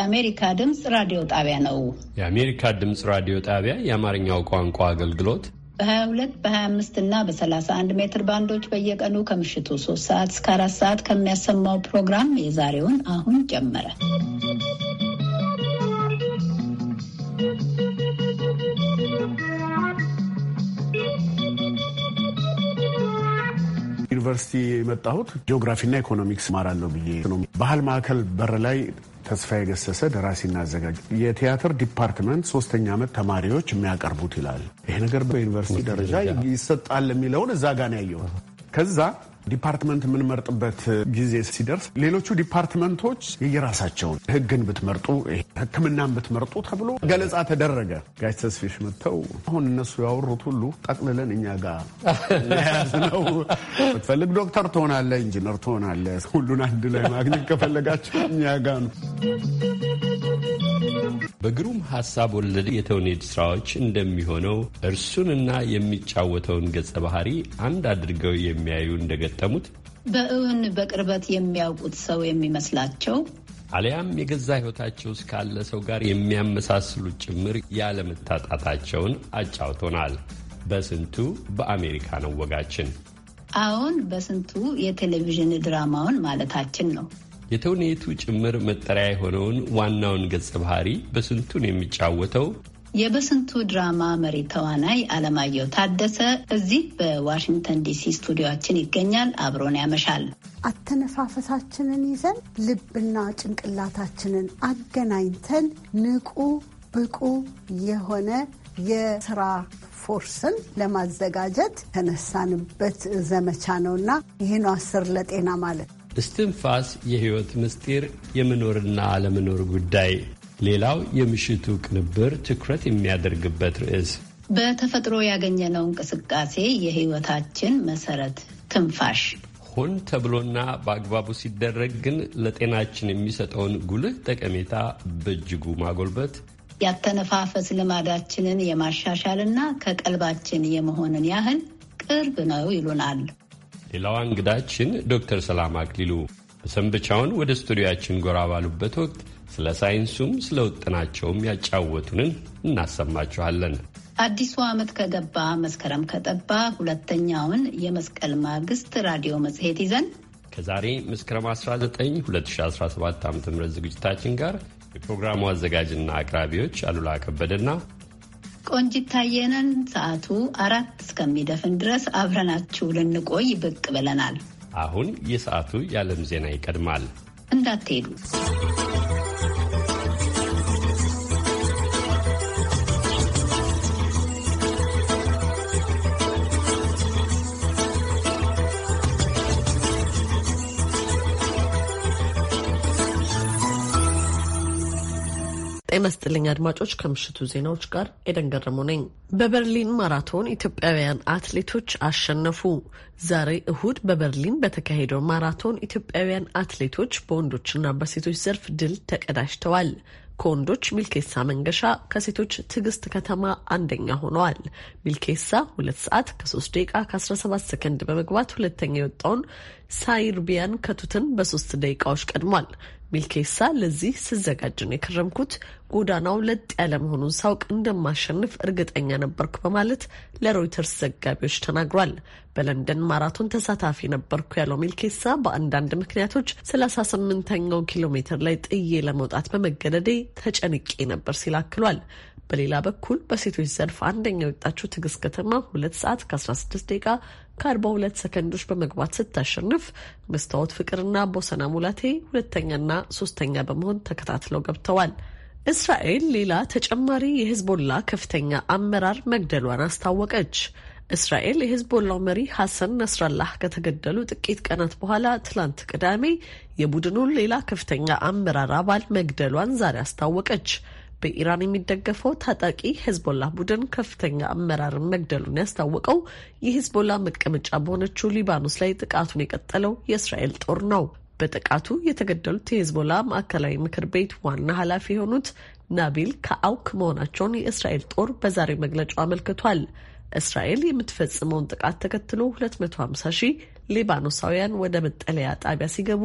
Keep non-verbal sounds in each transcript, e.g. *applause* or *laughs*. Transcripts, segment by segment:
የአሜሪካ ድምፅ ራዲዮ ጣቢያ ነው። የአሜሪካ ድምፅ ራዲዮ ጣቢያ የአማርኛው ቋንቋ አገልግሎት በ22 በ25 እና በ31 ሜትር ባንዶች በየቀኑ ከምሽቱ 3 ሰዓት እስከ 4 ሰዓት ከሚያሰማው ፕሮግራም የዛሬውን አሁን ጀመረ። ዩኒቨርሲቲ የመጣሁት ጂኦግራፊና ኢኮኖሚክስ ማራለሁ ብዬ ነው። ባህል ማዕከል በር ላይ ተስፋዬ ገሰሰ ደራሲና አዘጋጅ፣ የቲያትር ዲፓርትመንት ሶስተኛ ዓመት ተማሪዎች የሚያቀርቡት ይላል። ይሄ ነገር በዩኒቨርሲቲ ደረጃ ይሰጣል የሚለውን እዛ ጋር ነው ያየሁት። ከዛ ዲፓርትመንት የምንመርጥበት ጊዜ ሲደርስ ሌሎቹ ዲፓርትመንቶች የየራሳቸውን ህግን ብትመርጡ ህክምናን ብትመርጡ ተብሎ ገለጻ ተደረገ። ጋሽ ተስፊሽ መጥተው አሁን እነሱ ያወሩት ሁሉ ጠቅልለን እኛ ጋር ነው። ብትፈልግ ዶክተር ትሆናለ ኢንጂነር ትሆናለ ሁሉን አንድ ላይ ማግኘት ከፈለጋቸው እኛ ጋር ነው። በግሩም ሀሳብ ወለድ የተውኔት ስራዎች እንደሚሆነው እርሱንና የሚጫወተውን ገጸ ባህሪ አንድ አድርገው የሚያዩ እንደገ የገጠሙት በእውን በቅርበት የሚያውቁት ሰው የሚመስላቸው አሊያም የገዛ ሕይወታቸው እስካለ ሰው ጋር የሚያመሳስሉት ጭምር ያለመታጣታቸውን አጫውቶናል። በስንቱ በአሜሪካ ነው ወጋችን። አሁን በስንቱ የቴሌቪዥን ድራማውን ማለታችን ነው። የተውኔቱ ጭምር መጠሪያ የሆነውን ዋናውን ገጸ ባህሪ በስንቱን የሚጫወተው የበስንቱ ድራማ መሪ ተዋናይ አለማየሁ ታደሰ እዚህ በዋሽንግተን ዲሲ ስቱዲዮችን ይገኛል። አብሮን ያመሻል። አተነፋፈሳችንን ይዘን ልብና ጭንቅላታችንን አገናኝተን ንቁ ብቁ የሆነ የስራ ፎርስን ለማዘጋጀት ተነሳንበት ዘመቻ ነውና ይህኑ አስር ለጤና ማለት እስትንፋስ የህይወት ምስጢር የመኖርና አለመኖር ጉዳይ ሌላው የምሽቱ ቅንብር ትኩረት የሚያደርግበት ርዕስ በተፈጥሮ ያገኘነው እንቅስቃሴ የሕይወታችን መሰረት ትንፋሽ ሆን ተብሎና በአግባቡ ሲደረግ ግን ለጤናችን የሚሰጠውን ጉልህ ጠቀሜታ በእጅጉ ማጎልበት ያተነፋፈስ ልማዳችንን የማሻሻልና ከቀልባችን የመሆንን ያህል ቅርብ ነው ይሉናል። ሌላዋ እንግዳችን ዶክተር ሰላም አክሊሉ በሰንብቻውን ወደ ስቱዲያችን ጎራ ባሉበት ወቅት ስለ ሳይንሱም ስለ ውጥናቸውም ያጫወቱንን እናሰማችኋለን። አዲሱ ዓመት ከገባ መስከረም ከጠባ ሁለተኛውን የመስቀል ማግስት ራዲዮ መጽሔት ይዘን ከዛሬ መስከረም 19 2017 ዓ ም ዝግጅታችን ጋር የፕሮግራሙ አዘጋጅና አቅራቢዎች አሉላ ከበደና ቆንጂት ታየነን ሰዓቱ አራት እስከሚደፍን ድረስ አብረናችሁ ልንቆይ ብቅ ብለናል። አሁን የሰዓቱ የዓለም ዜና ይቀድማል። እንዳትሄዱ ጤና ስጥልኝ አድማጮች፣ ከምሽቱ ዜናዎች ጋር ኤደን ገረሙ ነኝ። በበርሊን ማራቶን ኢትዮጵያውያን አትሌቶች አሸነፉ። ዛሬ እሁድ በበርሊን በተካሄደው ማራቶን ኢትዮጵያውያን አትሌቶች በወንዶችና በሴቶች ዘርፍ ድል ተቀዳጅተዋል። ከወንዶች ሚልኬሳ መንገሻ ከሴቶች ትዕግስት ከተማ አንደኛ ሆነዋል። ሚልኬሳ ሁለት ሰዓት ከሶስት ደቂቃ ከ17 ሰከንድ በመግባት ሁለተኛ የወጣውን ሳይርቢያን ከቱትን በሶስት ደቂቃዎች ቀድሟል። ሚልኬሳ ለዚህ ስዘጋጅ ነው የከረምኩት። ጎዳናው ለጥ ያለ መሆኑን ሳውቅ እንደማሸንፍ እርግጠኛ ነበርኩ በማለት ለሮይተርስ ዘጋቢዎች ተናግሯል። በለንደን ማራቶን ተሳታፊ ነበርኩ ያለው ሚልኬሳ በአንዳንድ ምክንያቶች 38ኛው ኪሎ ሜትር ላይ ጥዬ ለመውጣት በመገደዴ ተጨንቄ ነበር ሲል አክሏል። በሌላ በኩል በሴቶች ዘርፍ አንደኛ የወጣችው ትዕግስት ከተማ ሁለት ሰዓት ከ16 ደቂቃ ከ42 ሰከንዶች በመግባት ስታሸንፍ መስታወት ፍቅርና ቦሰና ሙላቴ ሁለተኛና ሶስተኛ በመሆን ተከታትለው ገብተዋል። እስራኤል ሌላ ተጨማሪ የህዝቦላ ከፍተኛ አመራር መግደሏን አስታወቀች። እስራኤል የህዝቦላው መሪ ሐሰን ነስራላህ ከተገደሉ ጥቂት ቀናት በኋላ ትላንት ቅዳሜ የቡድኑን ሌላ ከፍተኛ አመራር አባል መግደሏን ዛሬ አስታወቀች። በኢራን የሚደገፈው ታጣቂ ሄዝቦላ ቡድን ከፍተኛ አመራርን መግደሉን ያስታወቀው የሄዝቦላ መቀመጫ በሆነችው ሊባኖስ ላይ ጥቃቱን የቀጠለው የእስራኤል ጦር ነው። በጥቃቱ የተገደሉት የሄዝቦላ ማዕከላዊ ምክር ቤት ዋና ኃላፊ የሆኑት ናቢል ከአውክ መሆናቸውን የእስራኤል ጦር በዛሬ መግለጫው አመልክቷል። እስራኤል የምትፈጽመውን ጥቃት ተከትሎ 250 ሺህ ሊባኖሳውያን ወደ መጠለያ ጣቢያ ሲገቡ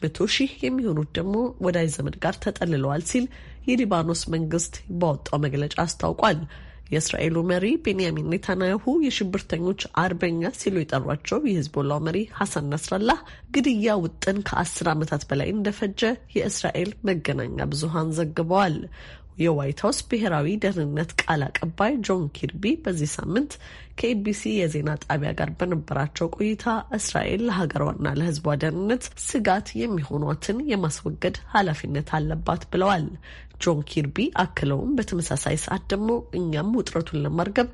መቶ ሺህ የሚሆኑት ደግሞ ወዳጅ ዘመድ ጋር ተጠልለዋል ሲል የሊባኖስ መንግስት ባወጣው መግለጫ አስታውቋል። የእስራኤሉ መሪ ቤንያሚን ኔታንያሁ የሽብርተኞች አርበኛ ሲሉ የጠሯቸው የህዝቦላው መሪ ሐሰን ነስራላህ ግድያ ውጥን ከአስር ዓመታት በላይ እንደፈጀ የእስራኤል መገናኛ ብዙሃን ዘግበዋል። የዋይት ሀውስ ብሔራዊ ደህንነት ቃል አቀባይ ጆን ኪርቢ በዚህ ሳምንት ከኤቢሲ የዜና ጣቢያ ጋር በነበራቸው ቆይታ እስራኤል ለሀገሯና ለሕዝቧ ደህንነት ስጋት የሚሆኗትን የማስወገድ ኃላፊነት አለባት ብለዋል። ጆን ኪርቢ አክለውም በተመሳሳይ ሰዓት ደግሞ እኛም ውጥረቱን ለማርገብ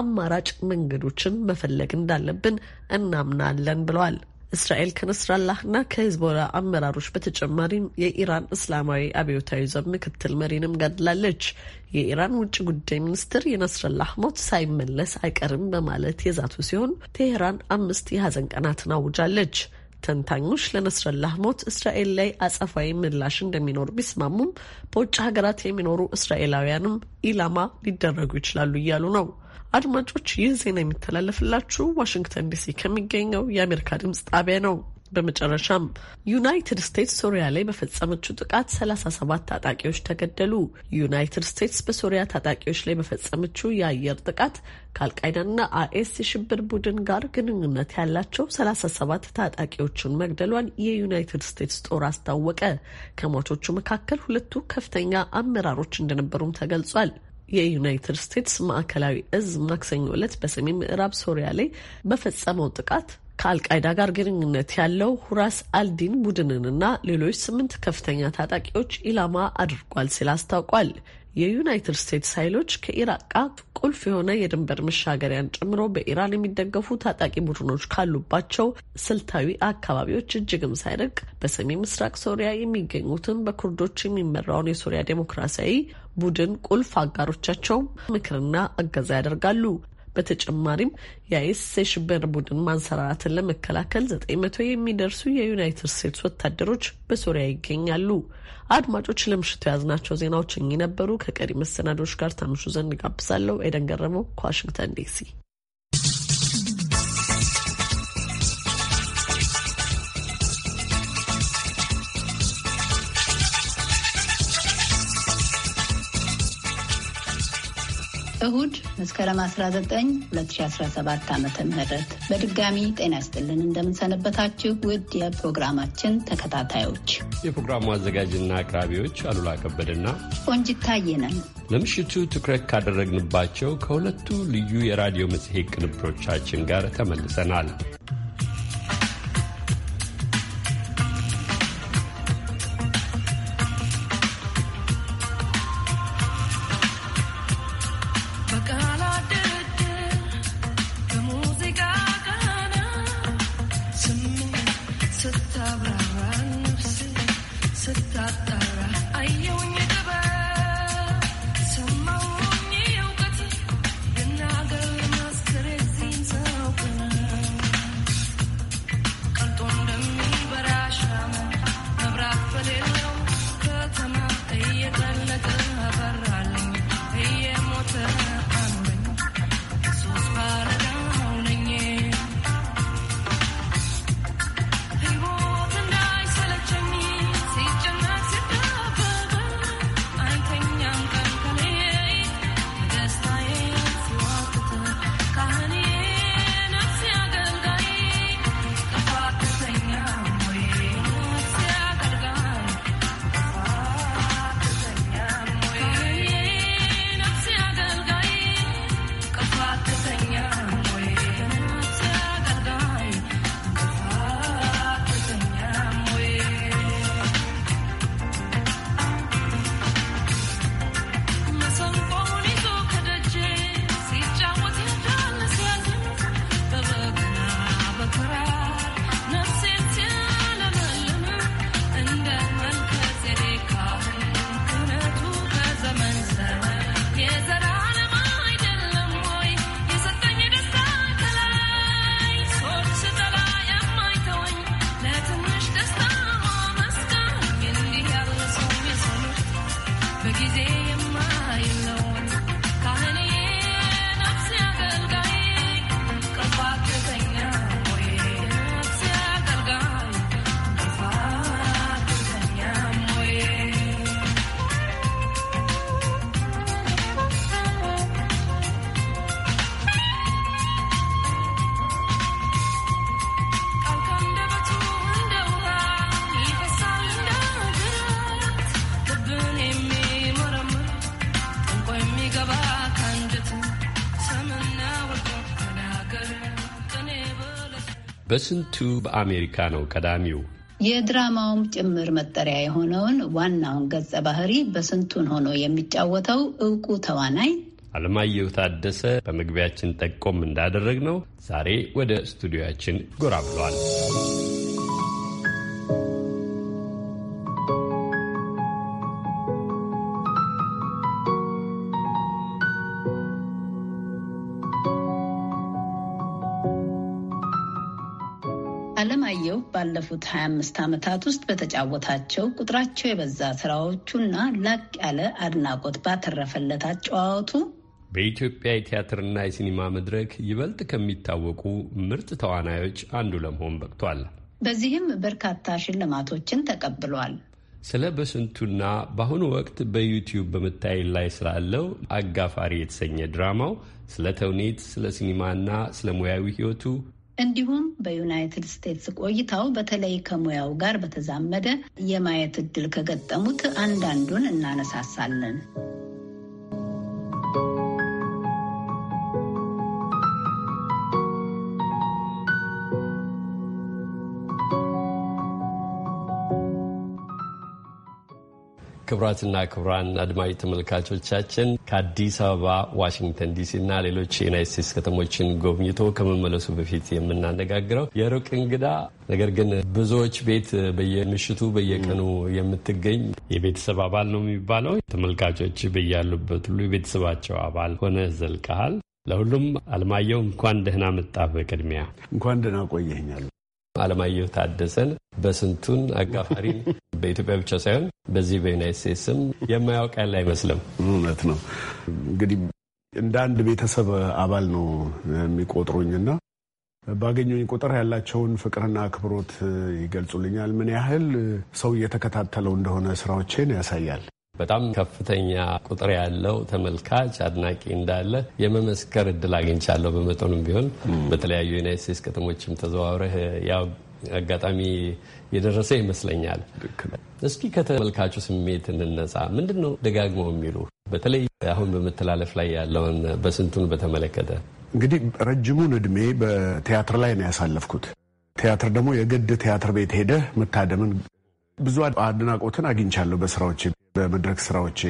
አማራጭ መንገዶችን መፈለግ እንዳለብን እናምናለን ብለዋል። እስራኤል ከነስራላህና ከሂዝቦላ አመራሮች በተጨማሪም የኢራን እስላማዊ አብዮታዊ ዘብ ምክትል መሪንም ገድላለች። የኢራን ውጭ ጉዳይ ሚኒስትር የነስረላህ ሞት ሳይመለስ አይቀርም በማለት የዛቱ ሲሆን ቴሄራን አምስት የሀዘን ቀናትን አውጃለች። ተንታኞች ለነስረላህ ሞት እስራኤል ላይ አጸፋዊ ምላሽ እንደሚኖር ቢስማሙም በውጭ ሀገራት የሚኖሩ እስራኤላውያንም ኢላማ ሊደረጉ ይችላሉ እያሉ ነው። አድማጮች ይህ ዜና የሚተላለፍላችሁ ዋሽንግተን ዲሲ ከሚገኘው የአሜሪካ ድምጽ ጣቢያ ነው። በመጨረሻም ዩናይትድ ስቴትስ ሶሪያ ላይ በፈጸመችው ጥቃት 37 ታጣቂዎች ተገደሉ። ዩናይትድ ስቴትስ በሶሪያ ታጣቂዎች ላይ በፈጸመችው የአየር ጥቃት ከአልቃይዳና አይኤስ የሽብር ቡድን ጋር ግንኙነት ያላቸው 37 ታጣቂዎችን መግደሏን የዩናይትድ ስቴትስ ጦር አስታወቀ። ከሟቾቹ መካከል ሁለቱ ከፍተኛ አመራሮች እንደነበሩም ተገልጿል። የዩናይትድ ስቴትስ ማዕከላዊ እዝ ማክሰኞ ዕለት በሰሜን ምዕራብ ሶሪያ ላይ በፈጸመው ጥቃት ከአልቃይዳ ጋር ግንኙነት ያለው ሁራስ አልዲን ቡድንንና ሌሎች ስምንት ከፍተኛ ታጣቂዎች ኢላማ አድርጓል ሲል አስታውቋል። የዩናይትድ ስቴትስ ኃይሎች ከኢራቅ ጋር ቁልፍ የሆነ የድንበር መሻገሪያን ጨምሮ በኢራን የሚደገፉ ታጣቂ ቡድኖች ካሉባቸው ስልታዊ አካባቢዎች እጅግም ሳይርቅ በሰሜን ምስራቅ ሶሪያ የሚገኙትን በኩርዶች የሚመራውን የሶሪያ ዴሞክራሲያዊ ቡድን ቁልፍ አጋሮቻቸው ምክርና እገዛ ያደርጋሉ። በተጨማሪም የአይስ የሽብር ቡድን ማንሰራራትን ለመከላከል ዘጠኝ መቶ የሚደርሱ የዩናይትድ ስቴትስ ወታደሮች በሶሪያ ይገኛሉ። አድማጮች፣ ለምሽቱ የያዝናቸው ዜናዎች እኚህ ነበሩ። ከቀሪ መሰናዶች ጋር ታምሹ ዘንድ ጋብዛለሁ። ኤደን ገረመው ከዋሽንግተን ዲሲ እሁድ መስከረም 19 2017 ዓ ም በድጋሚ ጤና ይስጥልን። እንደምንሰነበታችሁ ውድ የፕሮግራማችን ተከታታዮች፣ የፕሮግራሙ አዘጋጅና አቅራቢዎች አሉላ ከበደና ቆንጂት ታየ ነን። ለምሽቱ ትኩረት ካደረግንባቸው ከሁለቱ ልዩ የራዲዮ መጽሔት ቅንብሮቻችን ጋር ተመልሰናል። በስንቱ በአሜሪካ ነው ቀዳሚው። የድራማውም ጭምር መጠሪያ የሆነውን ዋናውን ገጸ ባህሪ በስንቱን ሆኖ የሚጫወተው እውቁ ተዋናይ አለማየሁ ታደሰ በመግቢያችን ጠቆም እንዳደረግ ነው ዛሬ ወደ ስቱዲዮያችን ጎራ ብሏል። ባለፉት 25 ዓመታት ውስጥ በተጫወታቸው ቁጥራቸው የበዛ ስራዎቹና ላቅ ያለ አድናቆት ባተረፈለት አጨዋወቱ በኢትዮጵያ የቲያትርና የሲኒማ መድረክ ይበልጥ ከሚታወቁ ምርጥ ተዋናዮች አንዱ ለመሆን በቅቷል። በዚህም በርካታ ሽልማቶችን ተቀብሏል። ስለ በስንቱና በአሁኑ ወቅት በዩቲዩብ በመታየት ላይ ስላለው አጋፋሪ የተሰኘ ድራማው፣ ስለ ተውኔት፣ ስለ ሲኒማና ስለ ሙያዊ ሕይወቱ እንዲሁም በዩናይትድ ስቴትስ ቆይታው በተለይ ከሙያው ጋር በተዛመደ የማየት እድል ከገጠሙት አንዳንዱን እናነሳሳለን። ክቡራትና ክቡራን አድማጭ ተመልካቾቻችን ከአዲስ አበባ፣ ዋሽንግተን ዲሲ እና ሌሎች የዩናይት ስቴትስ ከተሞችን ጎብኝቶ ከመመለሱ በፊት የምናነጋግረው የሩቅ እንግዳ ነገር ግን ብዙዎች ቤት በየምሽቱ በየቀኑ የምትገኝ የቤተሰብ አባል ነው የሚባለው። ተመልካቾች በያሉበት ሁሉ የቤተሰባቸው አባል ሆነ ዘልቀሃል። ለሁሉም አለማየሁ እንኳን ደህና መጣህ። በቅድሚያ እንኳን ደህና ቆየኛል። አለማየሁ ታደሰን በስንቱን አጋፋሪ *laughs* በኢትዮጵያ ብቻ ሳይሆን በዚህ በዩናይት ስቴትስም የማያውቅ ያለ አይመስልም። እውነት ነው። እንግዲህ እንደ አንድ ቤተሰብ አባል ነው የሚቆጥሩኝና ባገኙኝ ቁጥር ያላቸውን ፍቅርና አክብሮት ይገልጹልኛል። ምን ያህል ሰው እየተከታተለው እንደሆነ ስራዎቼን ያሳያል። በጣም ከፍተኛ ቁጥር ያለው ተመልካች አድናቂ እንዳለ የመመስከር እድል አግኝቻለሁ። በመጠኑም ቢሆን በተለያዩ ዩናይት ስቴትስ ከተሞችም ተዘዋውረህ ያው አጋጣሚ የደረሰ ይመስለኛል። እስኪ ከተመልካቹ ስሜት እንነሳ። ምንድን ነው ደጋግመው የሚሉ በተለይ አሁን በመተላለፍ ላይ ያለውን በስንቱን በተመለከተ እንግዲህ ረጅሙን እድሜ በቲያትር ላይ ነው ያሳለፍኩት። ቲያትር ደግሞ የግድ ቲያትር ቤት ሄደህ መታደምን ብዙ አድናቆትን አግኝቻለሁ በስራዎቼ በመድረክ ስራዎቼ።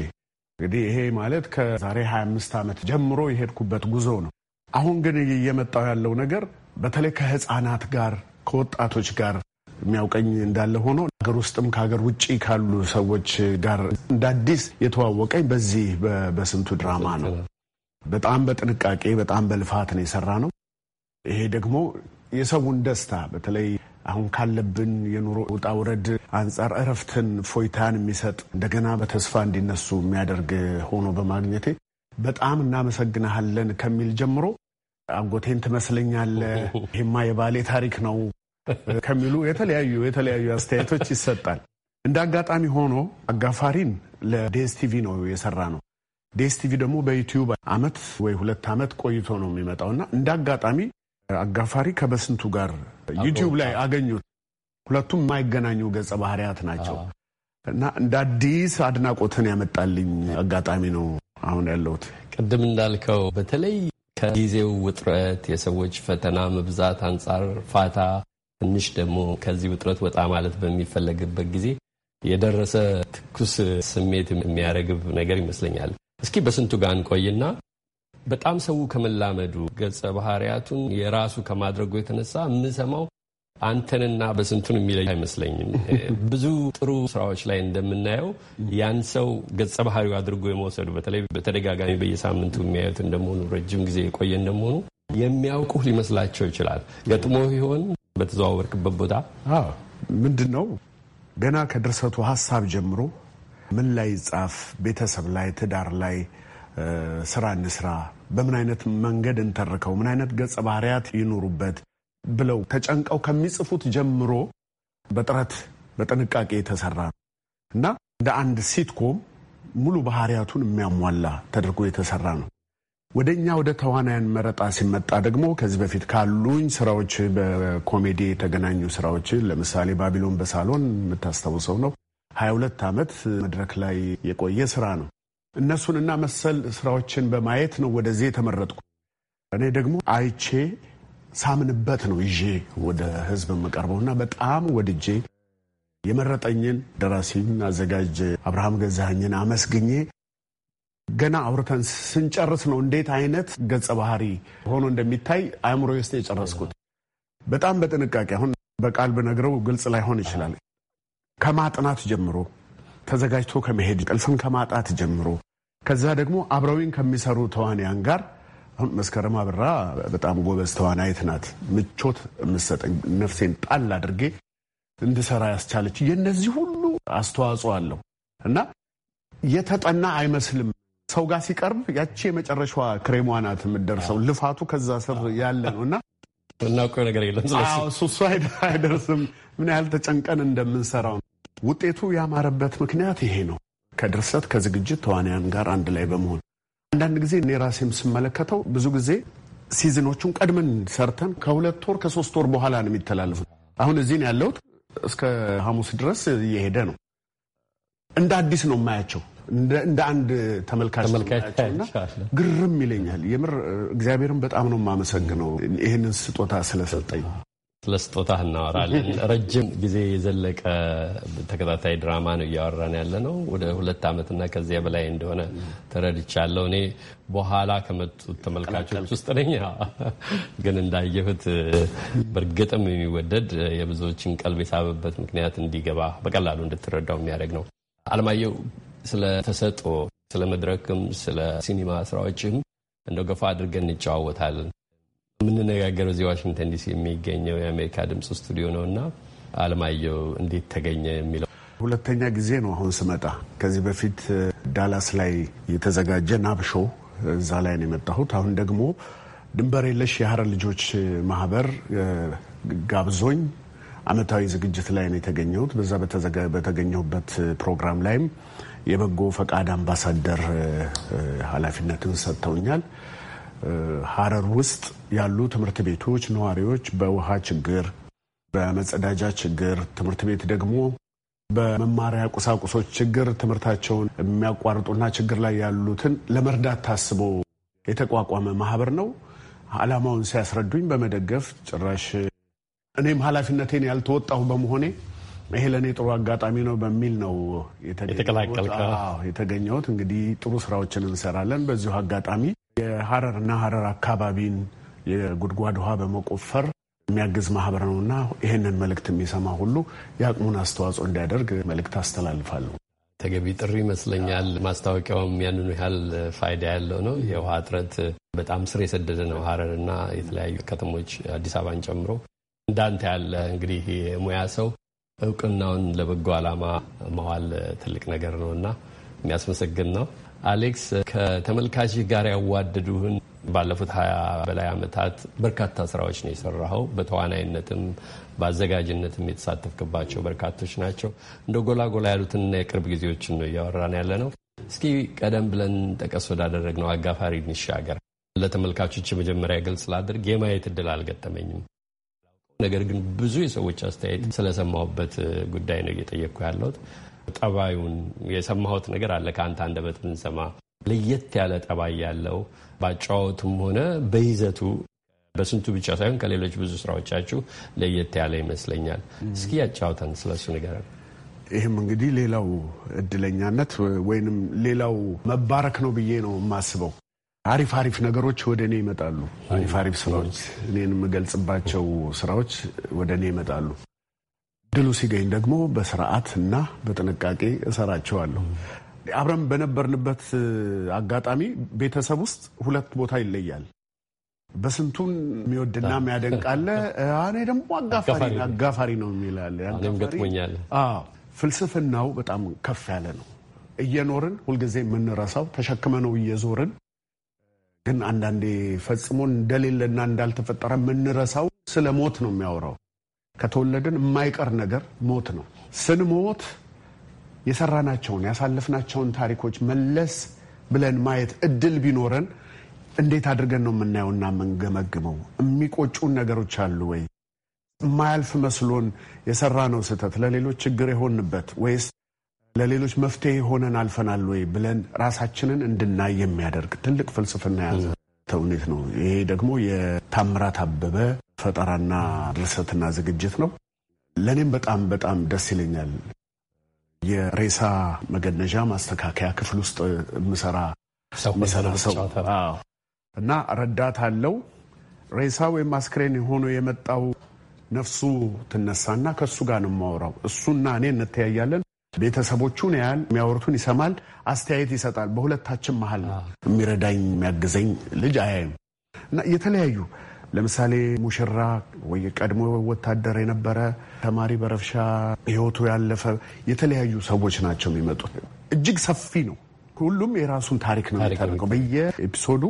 እንግዲህ ይሄ ማለት ከዛሬ 25 ዓመት ጀምሮ የሄድኩበት ጉዞ ነው። አሁን ግን እየመጣው ያለው ነገር በተለይ ከህፃናት ጋር ከወጣቶች ጋር የሚያውቀኝ እንዳለ ሆኖ ሀገር ውስጥም ከሀገር ውጭ ካሉ ሰዎች ጋር እንደ አዲስ የተዋወቀኝ በዚህ በስንቱ ድራማ ነው። በጣም በጥንቃቄ በጣም በልፋት ነው የሰራ ነው። ይሄ ደግሞ የሰውን ደስታ በተለይ አሁን ካለብን የኑሮ ውጣ ውረድ አንጻር እረፍትን፣ ፎይታን የሚሰጥ እንደገና በተስፋ እንዲነሱ የሚያደርግ ሆኖ በማግኘቴ በጣም እናመሰግናሃለን ከሚል ጀምሮ አጎቴን ትመስለኛለህ፣ ይሄማ የባሌ ታሪክ ነው ከሚሉ የተለያዩ የተለያዩ አስተያየቶች ይሰጣል። እንደ አጋጣሚ ሆኖ አጋፋሪን ለዴስቲቪ ነው የሰራ ነው። ዴስቲቪ ደግሞ በዩቲዩብ አመት ወይ ሁለት አመት ቆይቶ ነው የሚመጣው እና እንደ አጋጣሚ አጋፋሪ ከበስንቱ ጋር ዩቲዩብ ላይ አገኙት። ሁለቱም የማይገናኙ ገጸ ባህሪያት ናቸው እና እንደ አዲስ አድናቆትን ያመጣልኝ አጋጣሚ ነው አሁን ያለሁት። ቅድም እንዳልከው በተለይ ከጊዜው ውጥረት፣ የሰዎች ፈተና መብዛት አንጻር ፋታ ትንሽ ደግሞ ከዚህ ውጥረት ወጣ ማለት በሚፈለግበት ጊዜ የደረሰ ትኩስ ስሜት የሚያረግብ ነገር ይመስለኛል። እስኪ በስንቱ ጋር እንቆይና በጣም ሰው ከመላመዱ ገጸ ባህሪያቱን የራሱ ከማድረጉ የተነሳ የምሰማው አንተንና በስንቱን የሚለይ አይመስለኝም። ብዙ ጥሩ ስራዎች ላይ እንደምናየው ያን ሰው ገጸ ባህሪው አድርጎ የመውሰዱ በተለይ በተደጋጋሚ በየሳምንቱ የሚያዩት እንደመሆኑ ረጅም ጊዜ የቆየ እንደመሆኑ የሚያውቁህ ሊመስላቸው ይችላል። ገጥሞ ይሆን በተዘዋወርክበት ቦታ ምንድን ነው ገና ከድርሰቱ ሀሳብ ጀምሮ ምን ላይ ይጻፍ፣ ቤተሰብ ላይ፣ ትዳር ላይ፣ ስራ እንስራ፣ በምን አይነት መንገድ እንተርከው፣ ምን አይነት ገጸ ባህሪያት ይኑሩበት ብለው ተጨንቀው ከሚጽፉት ጀምሮ በጥረት በጥንቃቄ የተሰራ ነው እና እንደ አንድ ሲትኮም ሙሉ ባህሪያቱን የሚያሟላ ተደርጎ የተሰራ ነው። ወደ እኛ ወደ ተዋናያን መረጣ ሲመጣ ደግሞ ከዚህ በፊት ካሉኝ ስራዎች በኮሜዲ የተገናኙ ስራዎች ለምሳሌ ባቢሎን በሳሎን የምታስታውሰው ነው። ሀያ ሁለት ዓመት መድረክ ላይ የቆየ ስራ ነው። እነሱን እና መሰል ስራዎችን በማየት ነው ወደዚህ የተመረጥኩ። እኔ ደግሞ አይቼ ሳምንበት ነው ይዤ ወደ ህዝብ እና በጣም ወድጄ የመረጠኝን ደራሲን አዘጋጅ አብርሃም ገዛኸኝን አመስግኜ ገና አውርተን ስንጨርስ ነው እንዴት አይነት ገጸ ባህሪ ሆኖ እንደሚታይ አእምሮ ውስጥ የጨረስኩት። በጣም በጥንቃቄ አሁን በቃል ብነግረው ግልጽ ላይሆን ይችላል። ከማጥናት ጀምሮ ተዘጋጅቶ ከመሄድ ቅልፍን ከማጣት ጀምሮ ከዛ ደግሞ አብረዊን ከሚሰሩ ተዋንያን ጋር አሁን መስከረም አብራ በጣም ጎበዝ ተዋናይት ናት። ምቾት የምሰጠኝ ነፍሴን ጣል አድርጌ እንድሰራ ያስቻለች የእነዚህ ሁሉ አስተዋጽኦ አለው እና የተጠና አይመስልም። ሰው ጋር ሲቀርብ ያቺ የመጨረሻዋ ክሬሟ ናት የምትደርሰው። ልፋቱ ከዛ ስር ያለ ነው እና እናውቀው ነገር የለም እሱ አይደርስም። ምን ያህል ተጨንቀን እንደምንሰራው ውጤቱ ያማረበት ምክንያት ይሄ ነው። ከድርሰት ከዝግጅት ተዋንያን ጋር አንድ ላይ በመሆን አንዳንድ ጊዜ እኔ ራሴም ስመለከተው ብዙ ጊዜ ሲዝኖቹን ቀድመን ሰርተን ከሁለት ወር ከሶስት ወር በኋላ ነው የሚተላለፉት። አሁን እዚህን ያለሁት እስከ ሐሙስ ድረስ እየሄደ ነው። እንደ አዲስ ነው የማያቸው እንደ አንድ ተመልካች ግርም ይለኛል። የምር እግዚአብሔርን በጣም ነው የማመሰግነው ይህንን ስጦታ ስለሰጠኝ። ስለ ስጦታ እናወራለን። ረጅም ጊዜ የዘለቀ ተከታታይ ድራማ ነው እያወራን ያለ ነው። ወደ ሁለት ዓመትና ከዚያ በላይ እንደሆነ ተረድቻለሁ። እኔ በኋላ ከመጡት ተመልካቾች ውስጥ ነኝ፣ ግን እንዳየሁት በእርግጥም የሚወደድ የብዙዎችን ቀልብ የሳበበት ምክንያት እንዲገባ በቀላሉ እንድትረዳው የሚያደርግ ነው። አለማየሁ ስለ ተሰጥኦ፣ ስለ መድረክም ስለ ሲኒማ ስራዎችም እንደ ገፋ አድርገን እንጨዋወታለን። የምንነጋገረው እዚህ ዋሽንግተን ዲሲ የሚገኘው የአሜሪካ ድምፅ ስቱዲዮ ነው እና አለማየሁ እንዴት ተገኘ የሚለው ሁለተኛ ጊዜ ነው አሁን ስመጣ። ከዚህ በፊት ዳላስ ላይ የተዘጋጀ ናብሾ እዛ ላይ ነው የመጣሁት። አሁን ደግሞ ድንበር የለሽ የሀረር ልጆች ማህበር ጋብዞኝ አመታዊ ዝግጅት ላይ ነው የተገኘሁት። በዛ በተገኘሁበት ፕሮግራም ላይም የበጎ ፈቃድ አምባሳደር ኃላፊነትን ሰጥተውኛል። ሀረር ውስጥ ያሉ ትምህርት ቤቶች ነዋሪዎች በውሃ ችግር፣ በመጸዳጃ ችግር፣ ትምህርት ቤት ደግሞ በመማሪያ ቁሳቁሶች ችግር ትምህርታቸውን የሚያቋርጡና ችግር ላይ ያሉትን ለመርዳት ታስቦ የተቋቋመ ማህበር ነው። ዓላማውን ሲያስረዱኝ በመደገፍ ጭራሽ እኔም ኃላፊነቴን ያልተወጣሁ በመሆኔ ይሄ ለእኔ ጥሩ አጋጣሚ ነው በሚል ነው የተገኘሁት። እንግዲህ ጥሩ ስራዎችን እንሰራለን። በዚሁ አጋጣሚ የሀረር እና ሀረር አካባቢን የጉድጓድ ውሃ በመቆፈር የሚያግዝ ማህበር ነው እና ይህንን መልእክት የሚሰማ ሁሉ የአቅሙን አስተዋጽኦ እንዲያደርግ መልእክት አስተላልፋለሁ። ተገቢ ጥሪ ይመስለኛል። ማስታወቂያውም ያንኑ ያህል ፋይዳ ያለው ነው። የውሃ እጥረት በጣም ስር የሰደደ ነው። ሀረርና የተለያዩ ከተሞች አዲስ አበባን ጨምሮ እንዳንተ ያለ እንግዲህ የሙያ ሰው እውቅናውን ለበጎ ዓላማ መዋል ትልቅ ነገር ነው እና የሚያስመሰግን ነው። አሌክስ ከተመልካች ጋር ያዋደዱህን ባለፉት ሀያ በላይ ዓመታት በርካታ ስራዎች ነው የሰራኸው። በተዋናይነትም በአዘጋጅነትም የተሳተፍክባቸው በርካቶች ናቸው። እንደ ጎላ ጎላ ያሉትንና የቅርብ ጊዜዎችን ነው እያወራን ያለ ነው። እስኪ ቀደም ብለን ጠቀስ ወዳደረግ ነው አጋፋሪ እንሻገር። ለተመልካቾች መጀመሪያ ግልጽ ላድርግ፣ የማየት እድል አልገጠመኝም። ነገር ግን ብዙ የሰዎች አስተያየት ስለሰማሁበት ጉዳይ ነው እየጠየቅኩ ያለሁት። ጠባዩን የሰማሁት ነገር አለ ከአንተ አንደበት ብንሰማ ለየት ያለ ጠባይ ያለው ባጫወቱም ሆነ በይዘቱ በስንቱ ብቻ ሳይሆን ከሌሎች ብዙ ስራዎቻችሁ ለየት ያለ ይመስለኛል። እስኪ ያጫውተን ስለሱ ነገር ይህም እንግዲህ ሌላው እድለኛነት ወይንም ሌላው መባረክ ነው ብዬ ነው የማስበው። አሪፍ አሪፍ ነገሮች ወደ እኔ ይመጣሉ። አሪፍ አሪፍ ስራዎች፣ እኔን የምገልጽባቸው ስራዎች ወደ እኔ ይመጣሉ። ድሉ ሲገኝ ደግሞ በስርዓት እና በጥንቃቄ እሰራቸዋለሁ። አብረን በነበርንበት አጋጣሚ ቤተሰብ ውስጥ ሁለት ቦታ ይለያል። በስንቱን የሚወድና የሚያደንቃለ እኔ ደግሞ አጋፋሪ ነው የሚላለ ፍልስፍናው በጣም ከፍ ያለ ነው። እየኖርን ሁልጊዜ የምንረሳው ተሸክመ ነው እየዞርን ግን አንዳንዴ ፈጽሞ እንደሌለና እንዳልተፈጠረ የምንረሳው ስለ ሞት ነው የሚያወራው። ከተወለድን የማይቀር ነገር ሞት ነው። ስንሞት የሰራናቸውን ያሳለፍናቸውን ታሪኮች መለስ ብለን ማየት እድል ቢኖረን እንዴት አድርገን ነው የምናየውና የምንገመግመው? የሚቆጩን ነገሮች አሉ ወይ? የማያልፍ መስሎን የሰራነው ስህተት፣ ለሌሎች ችግር የሆንበት ወይስ ለሌሎች መፍትሄ ሆነን አልፈናል ወይ ብለን ራሳችንን እንድናይ የሚያደርግ ትልቅ ፍልስፍና የያዘ ተውኔት ነው። ይሄ ደግሞ የታምራት አበበ ፈጠራና ድርሰትና ዝግጅት ነው። ለእኔም በጣም በጣም ደስ ይለኛል። የሬሳ መገነዣ ማስተካከያ ክፍል ውስጥ የምሰራ ሰው እና ረዳት አለው። ሬሳ ወይም አስክሬን ሆኖ የመጣው ነፍሱ ትነሳና ከሱ ጋር ነው የማወራው። እሱና እኔ እንተያያለን። ቤተሰቦቹን ያህል የሚያወሩትን ይሰማል፣ አስተያየት ይሰጣል። በሁለታችን መሀል ነው የሚረዳኝ የሚያግዘኝ ልጅ አያይም እና የተለያዩ ለምሳሌ ሙሽራ ወይ ቀድሞ ወታደር የነበረ ተማሪ በረብሻ ህይወቱ ያለፈ የተለያዩ ሰዎች ናቸው የሚመጡት። እጅግ ሰፊ ነው። ሁሉም የራሱን ታሪክ ነው የሚታደርገው። በየኤፒሶዱ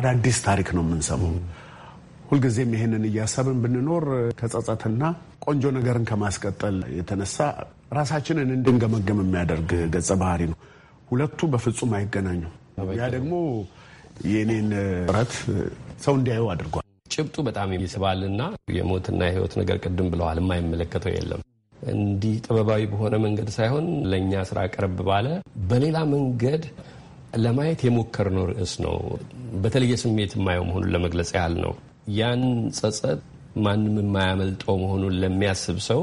አዳዲስ ታሪክ ነው የምንሰማው። ሁልጊዜም ይህንን እያሰብን ብንኖር ከጸጸትና ቆንጆ ነገርን ከማስቀጠል የተነሳ ራሳችንን እንድንገመገም የሚያደርግ ገጸ ባህሪ ነው። ሁለቱ በፍጹም አይገናኙም። ያ ደግሞ የኔን ጥረት ሰው እንዲያየው አድርጓል። ጭብጡ በጣም ይስባልና የሞትና የህይወት ነገር ቅድም ብለዋል፣ የማይመለከተው የለም። እንዲህ ጥበባዊ በሆነ መንገድ ሳይሆን ለእኛ ስራ ቀረብ ባለ በሌላ መንገድ ለማየት የሞከርነው ርዕስ ነው። በተለየ ስሜት የማየው መሆኑን ለመግለጽ ያህል ነው። ያን ጸጸት ማንም የማያመልጠው መሆኑን ለሚያስብ ሰው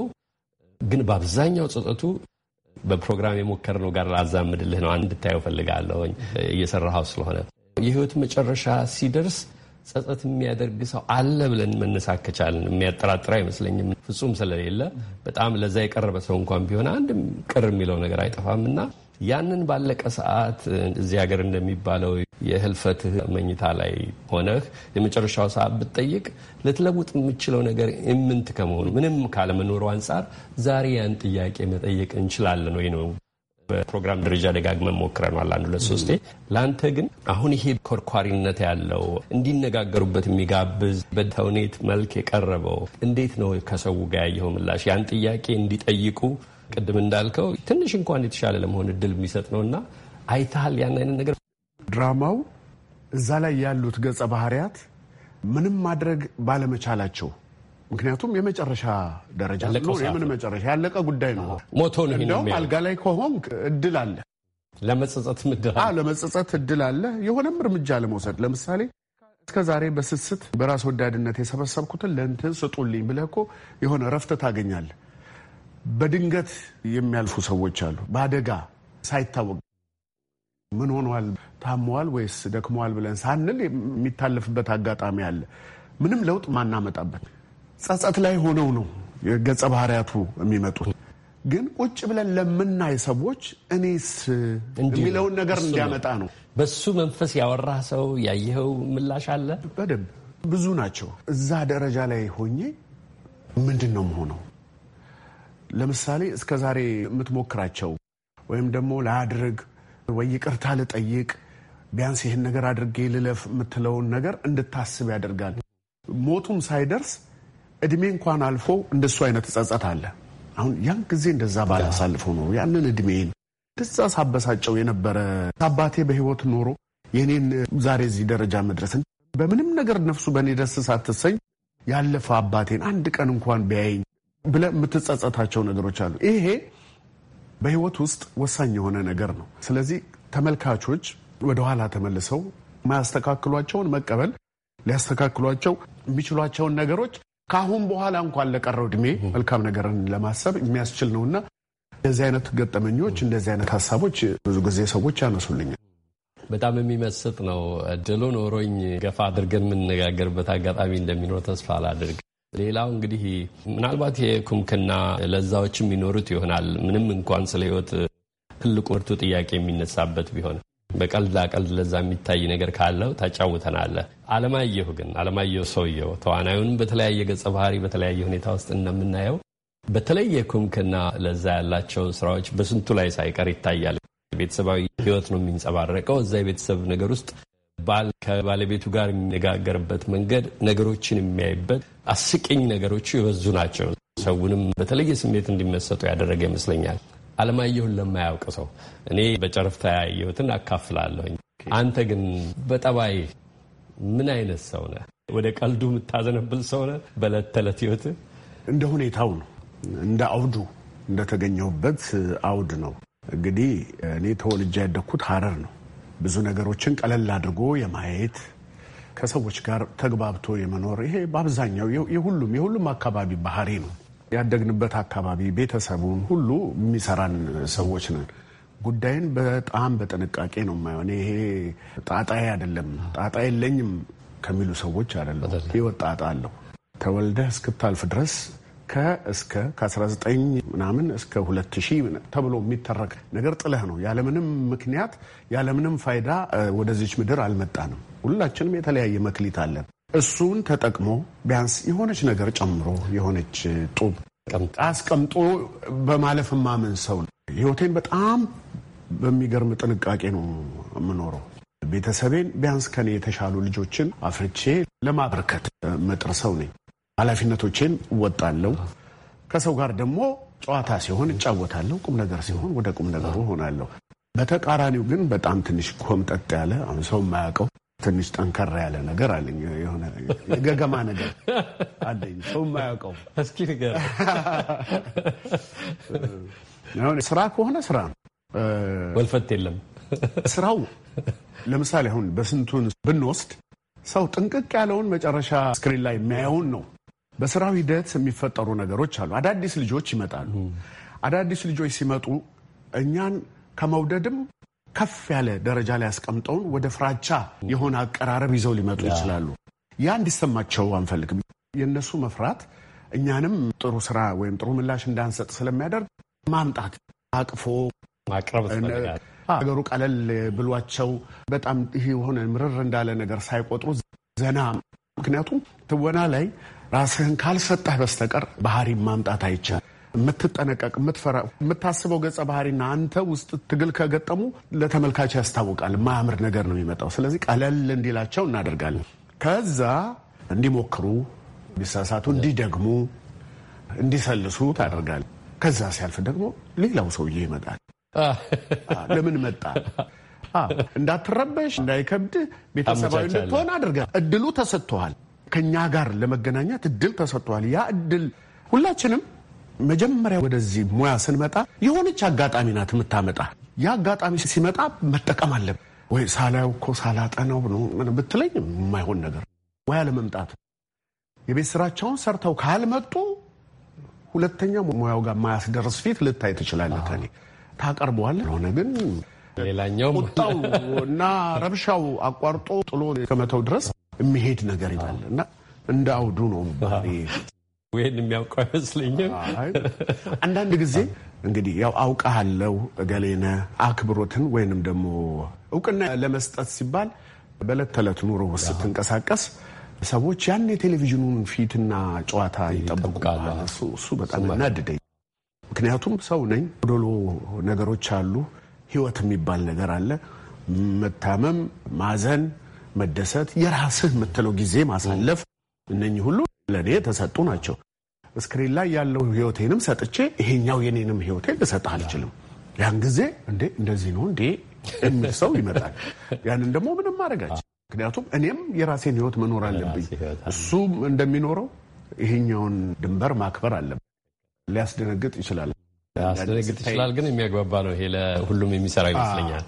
ግን በአብዛኛው ጸጸቱ በፕሮግራም የሞከርነው ጋር ላዛምድልህ ነው እንድታየው ፈልጋለሁኝ እየሰራኸው ስለሆነ የህይወት መጨረሻ ሲደርስ ጸጸት የሚያደርግ ሰው አለ ብለን መነሳት ከቻልን የሚያጠራጥር አይመስለኝም። ፍጹም ስለሌለ በጣም ለዛ የቀረበ ሰው እንኳን ቢሆን አንድም ቅር የሚለው ነገር አይጠፋም እና ያንን ባለቀ ሰዓት እዚህ ሀገር እንደሚባለው የህልፈትህ መኝታ ላይ ሆነህ የመጨረሻው ሰዓት ብትጠይቅ ልትለውጥ የምችለው ነገር የምንት ከመሆኑ ምንም ካለመኖሩ አንጻር ዛሬ ያን ጥያቄ መጠየቅ እንችላለን ወይ ነው። በፕሮግራም ደረጃ ደጋግመን ሞክረናል አንድ ሁለት ሶስቴ። ለአንተ ግን አሁን ይሄ ኮርኳሪነት ያለው እንዲነጋገሩበት የሚጋብዝ በተውኔት መልክ የቀረበው እንዴት ነው ከሰው ጋር ያየኸው ምላሽ? ያን ጥያቄ እንዲጠይቁ ቅድም እንዳልከው ትንሽ እንኳን የተሻለ ለመሆን እድል የሚሰጥ ነው እና አይተሃል ያን አይነት ነገር ድራማው እዛ ላይ ያሉት ገጸ ባህሪያት ምንም ማድረግ ባለመቻላቸው ምክንያቱም የመጨረሻ ደረጃ ነው። የምን መጨረሻ ያለቀ ጉዳይ ነው። ሞቶ ነው። እንዲያውም አልጋ ላይ ከሆንክ እድል አለ ለመጸጸት ለመጸጸት እድል አለ የሆነም እርምጃ ለመውሰድ ለምሳሌ እስከ ዛሬ በስስት በራስ ወዳድነት የሰበሰብኩትን ለእንትን ስጡልኝ ብለህ እኮ የሆነ ረፍት ታገኛለህ። በድንገት የሚያልፉ ሰዎች አሉ፣ በአደጋ ሳይታወቅ ምን ሆኗል፣ ታሟል ወይስ ደክመዋል ብለን ሳንል የሚታለፍበት አጋጣሚ አለ። ምንም ለውጥ ማናመጣበት ጸጸት ላይ ሆነው ነው የገጸ ባህሪያቱ የሚመጡት። ግን ቁጭ ብለን ለምናይ ሰዎች እኔስ የሚለውን ነገር እንዲያመጣ ነው። በሱ መንፈስ ያወራ ሰው ያየኸው ምላሽ አለ? በደንብ ብዙ ናቸው። እዛ ደረጃ ላይ ሆኜ ምንድን ነው መሆነው? ለምሳሌ እስከ ዛሬ የምትሞክራቸው ወይም ደግሞ ላድርግ ወይ ይቅርታ ልጠይቅ ቢያንስ ይህን ነገር አድርጌ ልለፍ የምትለውን ነገር እንድታስብ ያደርጋል። ሞቱም ሳይደርስ እድሜ እንኳን አልፎ እንደሱ አይነት ጸጸት አለ። አሁን ያን ጊዜ እንደዛ ባላሳልፈው ኖሮ ያንን እድሜን ደዛ ሳበሳጨው የነበረ አባቴ በህይወት ኖሮ የኔን ዛሬ እዚህ ደረጃ መድረስን በምንም ነገር ነፍሱ በእኔ ደስ ሳትሰኝ ያለፈ አባቴን አንድ ቀን እንኳን ቢያይኝ ብለ የምትጸጸታቸው ነገሮች አሉ። ይሄ በህይወት ውስጥ ወሳኝ የሆነ ነገር ነው። ስለዚህ ተመልካቾች ወደኋላ ተመልሰው ማያስተካክሏቸውን መቀበል፣ ሊያስተካክሏቸው የሚችሏቸውን ነገሮች ከአሁን በኋላ እንኳን ለቀረው እድሜ መልካም ነገርን ለማሰብ የሚያስችል ነውና እንደዚህ አይነት ገጠመኞች፣ እንደዚህ አይነት ሀሳቦች ብዙ ጊዜ ሰዎች ያነሱልኛል። በጣም የሚመስጥ ነው። እድሉ ኖሮኝ ገፋ አድርገን የምንነጋገርበት አጋጣሚ እንደሚኖር ተስፋ አላደርግ ሌላው እንግዲህ ምናልባት የኩምክና ለዛዎች የሚኖሩት ይሆናል። ምንም እንኳን ስለ ህይወት ትልቁ ምርቱ ጥያቄ የሚነሳበት ቢሆን በቀልድ ላቀልድ ለዛ የሚታይ ነገር ካለው ታጫውተናለህ። አለማየሁ ግን አለማየሁ ሰውየው ተዋናዩን በተለያየ ገጸ ባህሪ በተለያየ ሁኔታ ውስጥ እንደምናየው በተለየ ኩምክና ለዛ ያላቸው ስራዎች በስንቱ ላይ ሳይቀር ይታያል። ቤተሰባዊ ህይወት ነው የሚንጸባረቀው። እዛ የቤተሰብ ነገር ውስጥ ባል ከባለቤቱ ጋር የሚነጋገርበት መንገድ፣ ነገሮችን የሚያይበት አስቂኝ ነገሮቹ የበዙ ናቸው። ሰውንም በተለየ ስሜት እንዲመሰጡ ያደረገ ይመስለኛል። አለማየሁን ለማያውቅ ሰው እኔ በጨረፍታ ያየሁትን አካፍላለሁኝ። አንተ ግን በጠባይ ምን አይነት ሰው ነህ? ወደ ቀልዱ የምታዘነብል ሰው ነህ? በዕለት ተዕለት ህይወት እንደ ሁኔታው ነው፣ እንደ አውዱ እንደተገኘሁበት አውድ ነው። እንግዲህ እኔ ተወልጄ ያደግኩት ሀረር ነው። ብዙ ነገሮችን ቀለል አድርጎ የማየት ከሰዎች ጋር ተግባብቶ የመኖር ይሄ በአብዛኛው የሁሉም የሁሉም አካባቢ ባህሪ ነው። ያደግንበት አካባቢ ቤተሰቡን ሁሉ የሚሰራን ሰዎች ነን። ጉዳይን በጣም በጥንቃቄ ነው የማይሆን። ይሄ ጣጣዬ አይደለም ጣጣ የለኝም ከሚሉ ሰዎች አይደለም። ህይወት ጣጣ አለው። ተወልደህ እስክታልፍ ድረስ እስከ ከ19 ምናምን እስከ 2000 ተብሎ የሚተረክ ነገር ጥለህ ነው። ያለምንም ምክንያት ያለምንም ፋይዳ ወደዚች ምድር አልመጣንም። ሁላችንም የተለያየ መክሊት አለን። እሱን ተጠቅሞ ቢያንስ የሆነች ነገር ጨምሮ የሆነች ጡብ አስቀምጦ በማለፍ ማምን ሰው ህይወቴን በጣም በሚገርም ጥንቃቄ ነው የምኖረው። ቤተሰቤን ቢያንስ ከኔ የተሻሉ ልጆችን አፍርቼ ለማበርከት መጥር ሰው ነኝ። ኃላፊነቶቼን እወጣለሁ። ከሰው ጋር ደግሞ ጨዋታ ሲሆን እጫወታለሁ፣ ቁም ነገር ሲሆን ወደ ቁም ነገሩ ሆናለሁ። በተቃራኒው ግን በጣም ትንሽ ኮምጠጥ ያለ አሁን ሰው የማያውቀው ትንሽ ጠንከራ ያለ ነገር አለኝ። የሆነ የገገማ ነገር አለኝ ሰው የማያውቀው። እስኪ ንገረኝ። ስራ ከሆነ ስራ ነው፣ ወልፈት የለም ስራው። ለምሳሌ አሁን በስንቱን ብንወስድ ሰው ጥንቅቅ ያለውን መጨረሻ ስክሪን ላይ የሚያየውን ነው በስራው ሂደት የሚፈጠሩ ነገሮች አሉ። አዳዲስ ልጆች ይመጣሉ። አዳዲስ ልጆች ሲመጡ እኛን ከመውደድም ከፍ ያለ ደረጃ ላይ ያስቀምጠውን ወደ ፍራቻ የሆነ አቀራረብ ይዘው ሊመጡ ይችላሉ። ያ እንዲሰማቸው አንፈልግም። የእነሱ መፍራት እኛንም ጥሩ ስራ ወይም ጥሩ ምላሽ እንዳንሰጥ ስለሚያደርግ ማምጣት አቅፎ ማቅረብ ቀለል ብሏቸው በጣም ይህ የሆነ ምርር እንዳለ ነገር ሳይቆጥሩ ዘና ምክንያቱም ትወና ላይ ራስህን ካልሰጠህ በስተቀር ባህሪ ማምጣት አይቻል። የምትጠነቀቅ የምትፈራ፣ የምታስበው ገጸ ባህሪና አንተ ውስጥ ትግል ከገጠሙ ለተመልካች ያስታውቃል። ማያምር ነገር ነው የሚመጣው። ስለዚህ ቀለል እንዲላቸው እናደርጋለን። ከዛ እንዲሞክሩ፣ እንዲሳሳቱ፣ እንዲደግሙ፣ እንዲሰልሱ ታደርጋለህ። ከዛ ሲያልፍ ደግሞ ሌላው ሰውዬ ይመጣል። ለምን መጣ እንዳትረበሽ፣ እንዳይከብድ፣ ቤተሰባዊ እንድትሆን አድርገህ እድሉ ተሰጥቶሃል። ከኛ ጋር ለመገናኘት እድል ተሰጥቷል። ያ እድል ሁላችንም መጀመሪያ ወደዚህ ሙያ ስንመጣ የሆነች አጋጣሚ ናት የምታመጣ። ያ አጋጣሚ ሲመጣ መጠቀም አለብ ወይ? ሳላየው እኮ ሳላጠናው ብትለኝ የማይሆን ነገር ሙያ ለመምጣት የቤት ስራቸውን ሰርተው ካልመጡ ሁለተኛ ሙያው ጋር ማያስደርስ ፊት ልታይ ትችላለህ። እኔ ታቀርበዋለህ ሆነ ግን ሌላኛው ቁጣው እና ረብሻው አቋርጦ ጥሎ ከመተው ድረስ የሚሄድ ነገር ይላል እና እንደ አውዱ ነው ይህን የሚያውቀው አይመስለኝም። አንዳንድ ጊዜ እንግዲህ ያው አውቀሃለው እገሌነ አክብሮትን ወይንም ደግሞ እውቅና ለመስጠት ሲባል በዕለት ተዕለት ኑሮ ውስጥ ስትንቀሳቀስ ሰዎች ያን የቴሌቪዥኑን ፊትና ጨዋታ ይጠብቁል። እሱ በጣም ናድደኝ። ምክንያቱም ሰው ነኝ፣ ጎዶሎ ነገሮች አሉ። ህይወት የሚባል ነገር አለ። መታመም፣ ማዘን፣ መደሰት፣ የራስህ የምትለው ጊዜ ማሳለፍ፣ እነኚህ ሁሉ ለእኔ የተሰጡ ናቸው። እስክሪን ላይ ያለው ህይወቴንም ሰጥቼ ይሄኛው የኔንም ህይወቴን ልሰጥህ አልችልም። ያን ጊዜ እንዴ እንደዚህ ነው እንዴ የሚል ሰው ይመጣል። ያንን ደግሞ ምንም ማድረጋች ምክንያቱም እኔም የራሴን ህይወት መኖር አለብኝ። እሱም እንደሚኖረው ይሄኛውን ድንበር ማክበር አለብን። ሊያስደነግጥ ይችላል ሊያስደነግጥ ይችላል፣ ግን የሚያግባባ ነው። ይሄ ለሁሉም የሚሰራ ይመስለኛል።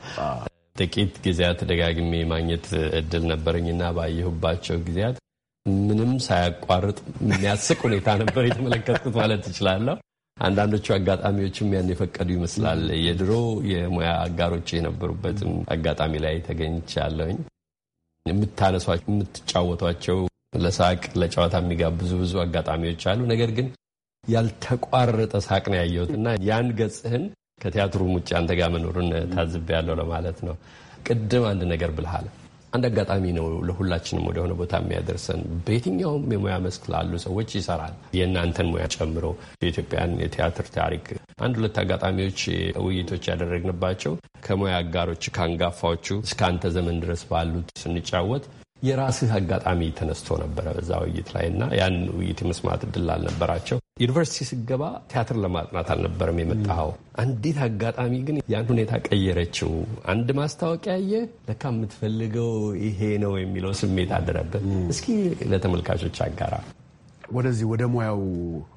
ጥቂት ጊዜያት ደጋግሜ ማግኘት እድል ነበረኝና ባየሁባቸው ጊዜያት ምንም ሳያቋርጥ የሚያስቅ ሁኔታ ነበር የተመለከትኩት ማለት ትችላለሁ። አንዳንዶቹ አጋጣሚዎችም ያን የፈቀዱ ይመስላል። የድሮ የሙያ አጋሮች የነበሩበትም አጋጣሚ ላይ ተገኝቻለሁኝ። የምታነሷቸው የምትጫወቷቸው ለሳቅ ለጨዋታ የሚጋብዙ ብዙ አጋጣሚዎች አሉ። ነገር ግን ያልተቋረጠ ሳቅ ነው ያየሁት እና ያን ገጽህን ከቲያትሩም ውጭ አንተ ጋር መኖሩን ታዝብ ያለው ለማለት ነው። ቅድም አንድ ነገር ብልሃል። አንድ አጋጣሚ ነው ለሁላችንም ወደሆነ ቦታ የሚያደርሰን። በየትኛውም የሙያ መስክ ላሉ ሰዎች ይሰራል፣ የእናንተን ሙያ ጨምሮ የኢትዮጵያን የቲያትር ታሪክ አንድ ሁለት አጋጣሚዎች ውይይቶች ያደረግንባቸው ከሙያ አጋሮች ከአንጋፋዎቹ እስከ አንተ ዘመን ድረስ ባሉት ስንጫወት የራስህ አጋጣሚ ተነስቶ ነበረ በዛ ውይይት ላይ እና ያን ውይይት መስማት እድል አልነበራቸው ዩኒቨርሲቲ ስገባ ቲያትር ለማጥናት አልነበረም የመጣኸው። አንዲት አጋጣሚ ግን ያን ሁኔታ ቀየረችው። አንድ ማስታወቂያ የ ለካ የምትፈልገው ይሄ ነው የሚለው ስሜት አደረበት። እስኪ ለተመልካቾች አጋራ። ወደዚህ ወደ ሙያው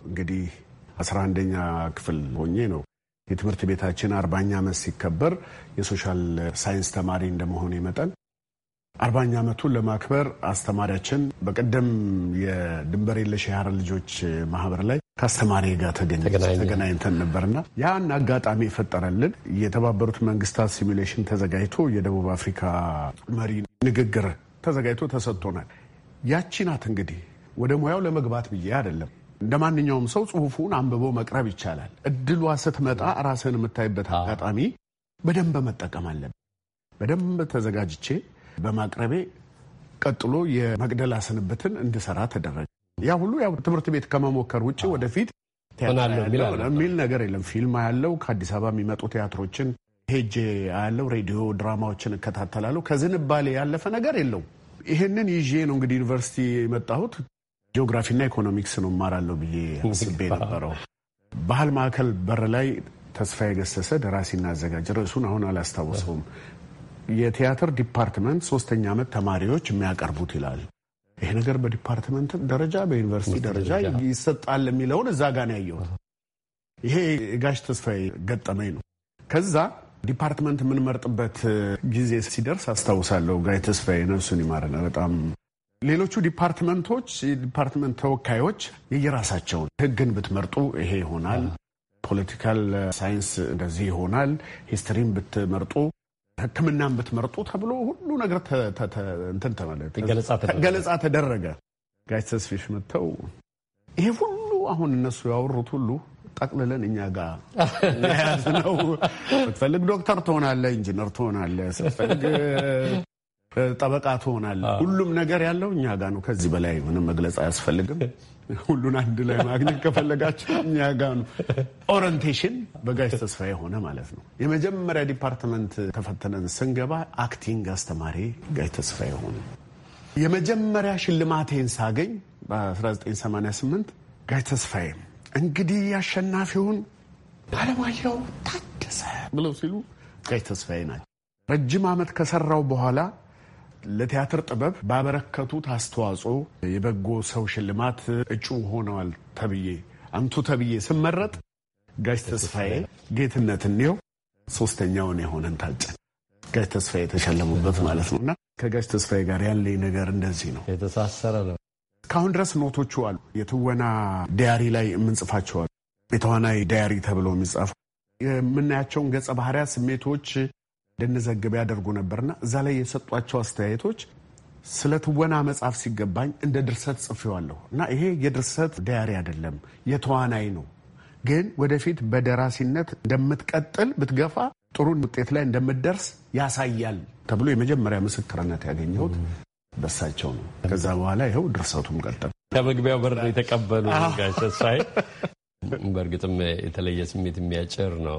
እንግዲህ አስራ አንደኛ ክፍል ሆኜ ነው የትምህርት ቤታችን አርባኛ ዓመት ሲከበር የሶሻል ሳይንስ ተማሪ እንደመሆኔ መጠን አርባኛ ዓመቱን ለማክበር አስተማሪያችን በቀደም የድንበር የለሽ የሀረር ልጆች ማህበር ላይ ከአስተማሪ ጋር ተገናኝተን ነበርና ያን አጋጣሚ የፈጠረልን የተባበሩት መንግስታት ሲሚሌሽን ተዘጋጅቶ የደቡብ አፍሪካ መሪ ንግግር ተዘጋጅቶ ተሰጥቶናል። ያቺ ናት እንግዲህ ወደ ሙያው ለመግባት ብዬ አይደለም። እንደ ማንኛውም ሰው ጽሁፉን አንብቦ መቅረብ ይቻላል። እድሏ ስትመጣ ራስህን የምታይበት አጋጣሚ በደንብ መጠቀም አለብን። በደንብ ተዘጋጅቼ በማቅረቤ ቀጥሎ የመቅደላ ስንብትን እንድሰራ ተደረገ። ያ ሁሉ ያው ትምህርት ቤት ከመሞከር ውጭ ወደፊት የሚል ነገር የለም። ፊልም ያለው ከአዲስ አበባ የሚመጡ ቲያትሮችን ሄጄ ያለው ሬዲዮ ድራማዎችን እከታተላለሁ። ከዝንባሌ ያለፈ ነገር የለው። ይህንን ይዤ ነው እንግዲህ ዩኒቨርሲቲ የመጣሁት። ጂኦግራፊና ኢኮኖሚክስ ነው እማራለሁ ብዬ አስቤ ነበረው። ባህል ማዕከል በር ላይ ተስፋዬ ገሰሰ ደራሲና አዘጋጅ ርዕሱን አሁን አላስታውሰውም የቲያትር ዲፓርትመንት ሶስተኛ ዓመት ተማሪዎች የሚያቀርቡት ይላል። ይሄ ነገር በዲፓርትመንት ደረጃ በዩኒቨርሲቲ ደረጃ ይሰጣል የሚለውን እዛ ጋ ነው ያየሁት። ይሄ የጋሽ ተስፋዬ ገጠመኝ ነው። ከዛ ዲፓርትመንት የምንመርጥበት ጊዜ ሲደርስ አስታውሳለሁ። ጋይ ተስፋዬ ነፍሱን ይማረና በጣም ሌሎቹ ዲፓርትመንቶች ዲፓርትመንት ተወካዮች የየራሳቸውን ህግን ብትመርጡ ይሄ ይሆናል፣ ፖለቲካል ሳይንስ እንደዚህ ይሆናል፣ ሂስትሪን ብትመርጡ ህክምና ብትመርጡ ተብሎ ሁሉ ነገር ገለጻ ተደረገ። ጋሽ ተስፊሽ መጥተው ይሄ ሁሉ አሁን እነሱ ያወሩት ሁሉ ጠቅልለን እኛ ጋር ነው። ስትፈልግ ዶክተር ትሆናለ ኢንጂነር ትሆናለ፣ ስትፈልግ ጠበቃ ትሆናለ። ሁሉም ነገር ያለው እኛ ጋር ነው። ከዚህ በላይ ምንም መግለጽ አያስፈልግም። ሁሉን አንድ ላይ ማግኘት ከፈለጋቸው እኛ ጋ ነው። ኦሪንቴሽን በጋሽ ተስፋ የሆነ ማለት ነው። የመጀመሪያ ዲፓርትመንት ተፈተነን ስንገባ አክቲንግ አስተማሪ ጋሽ ተስፋ የሆነ የመጀመሪያ ሽልማቴን ሳገኝ በ1988 ጋሽ ተስፋዬ እንግዲህ አሸናፊውን አለማየሁ ታደሰ ብለው ሲሉ ጋሽ ተስፋዬ ናቸው። ረጅም ዓመት ከሰራው በኋላ ለቲያትር ጥበብ ባበረከቱት አስተዋጽኦ የበጎ ሰው ሽልማት እጩ ሆነዋል ተብዬ አንቱ ተብዬ ስመረጥ ጋሽ ተስፋዬ ጌትነት እንየው ሶስተኛውን የሆነን ታጨ ጋሽ ተስፋዬ የተሸለሙበት ማለት ነው። እና ከጋሽ ተስፋዬ ጋር ያለኝ ነገር እንደዚህ ነው፣ የተሳሰረ ነው። እስካሁን ድረስ ኖቶቹ አሉ። የትወና ዲያሪ ላይ የምንጽፋቸዋል። የተዋናይ ዳያሪ ተብሎ የሚጻፉ የምናያቸውን ገጸ ባህሪያ ስሜቶች እንድንዘግብ ያደርጉ ነበርና እዛ ላይ የሰጧቸው አስተያየቶች ስለ ትወና መጽሐፍ ሲገባኝ እንደ ድርሰት ጽፌዋለሁ እና ይሄ የድርሰት ዳያሪ አይደለም፣ የተዋናይ ነው። ግን ወደፊት በደራሲነት እንደምትቀጥል ብትገፋ ጥሩ ውጤት ላይ እንደምትደርስ ያሳያል ተብሎ የመጀመሪያ ምስክርነት ያገኘሁት በሳቸው ነው። ከዛ በኋላ ይኸው ድርሰቱም ቀጠል ከመግቢያው በር የተቀበሉ ጋሽ በእርግጥም የተለየ ስሜት የሚያጭር ነው።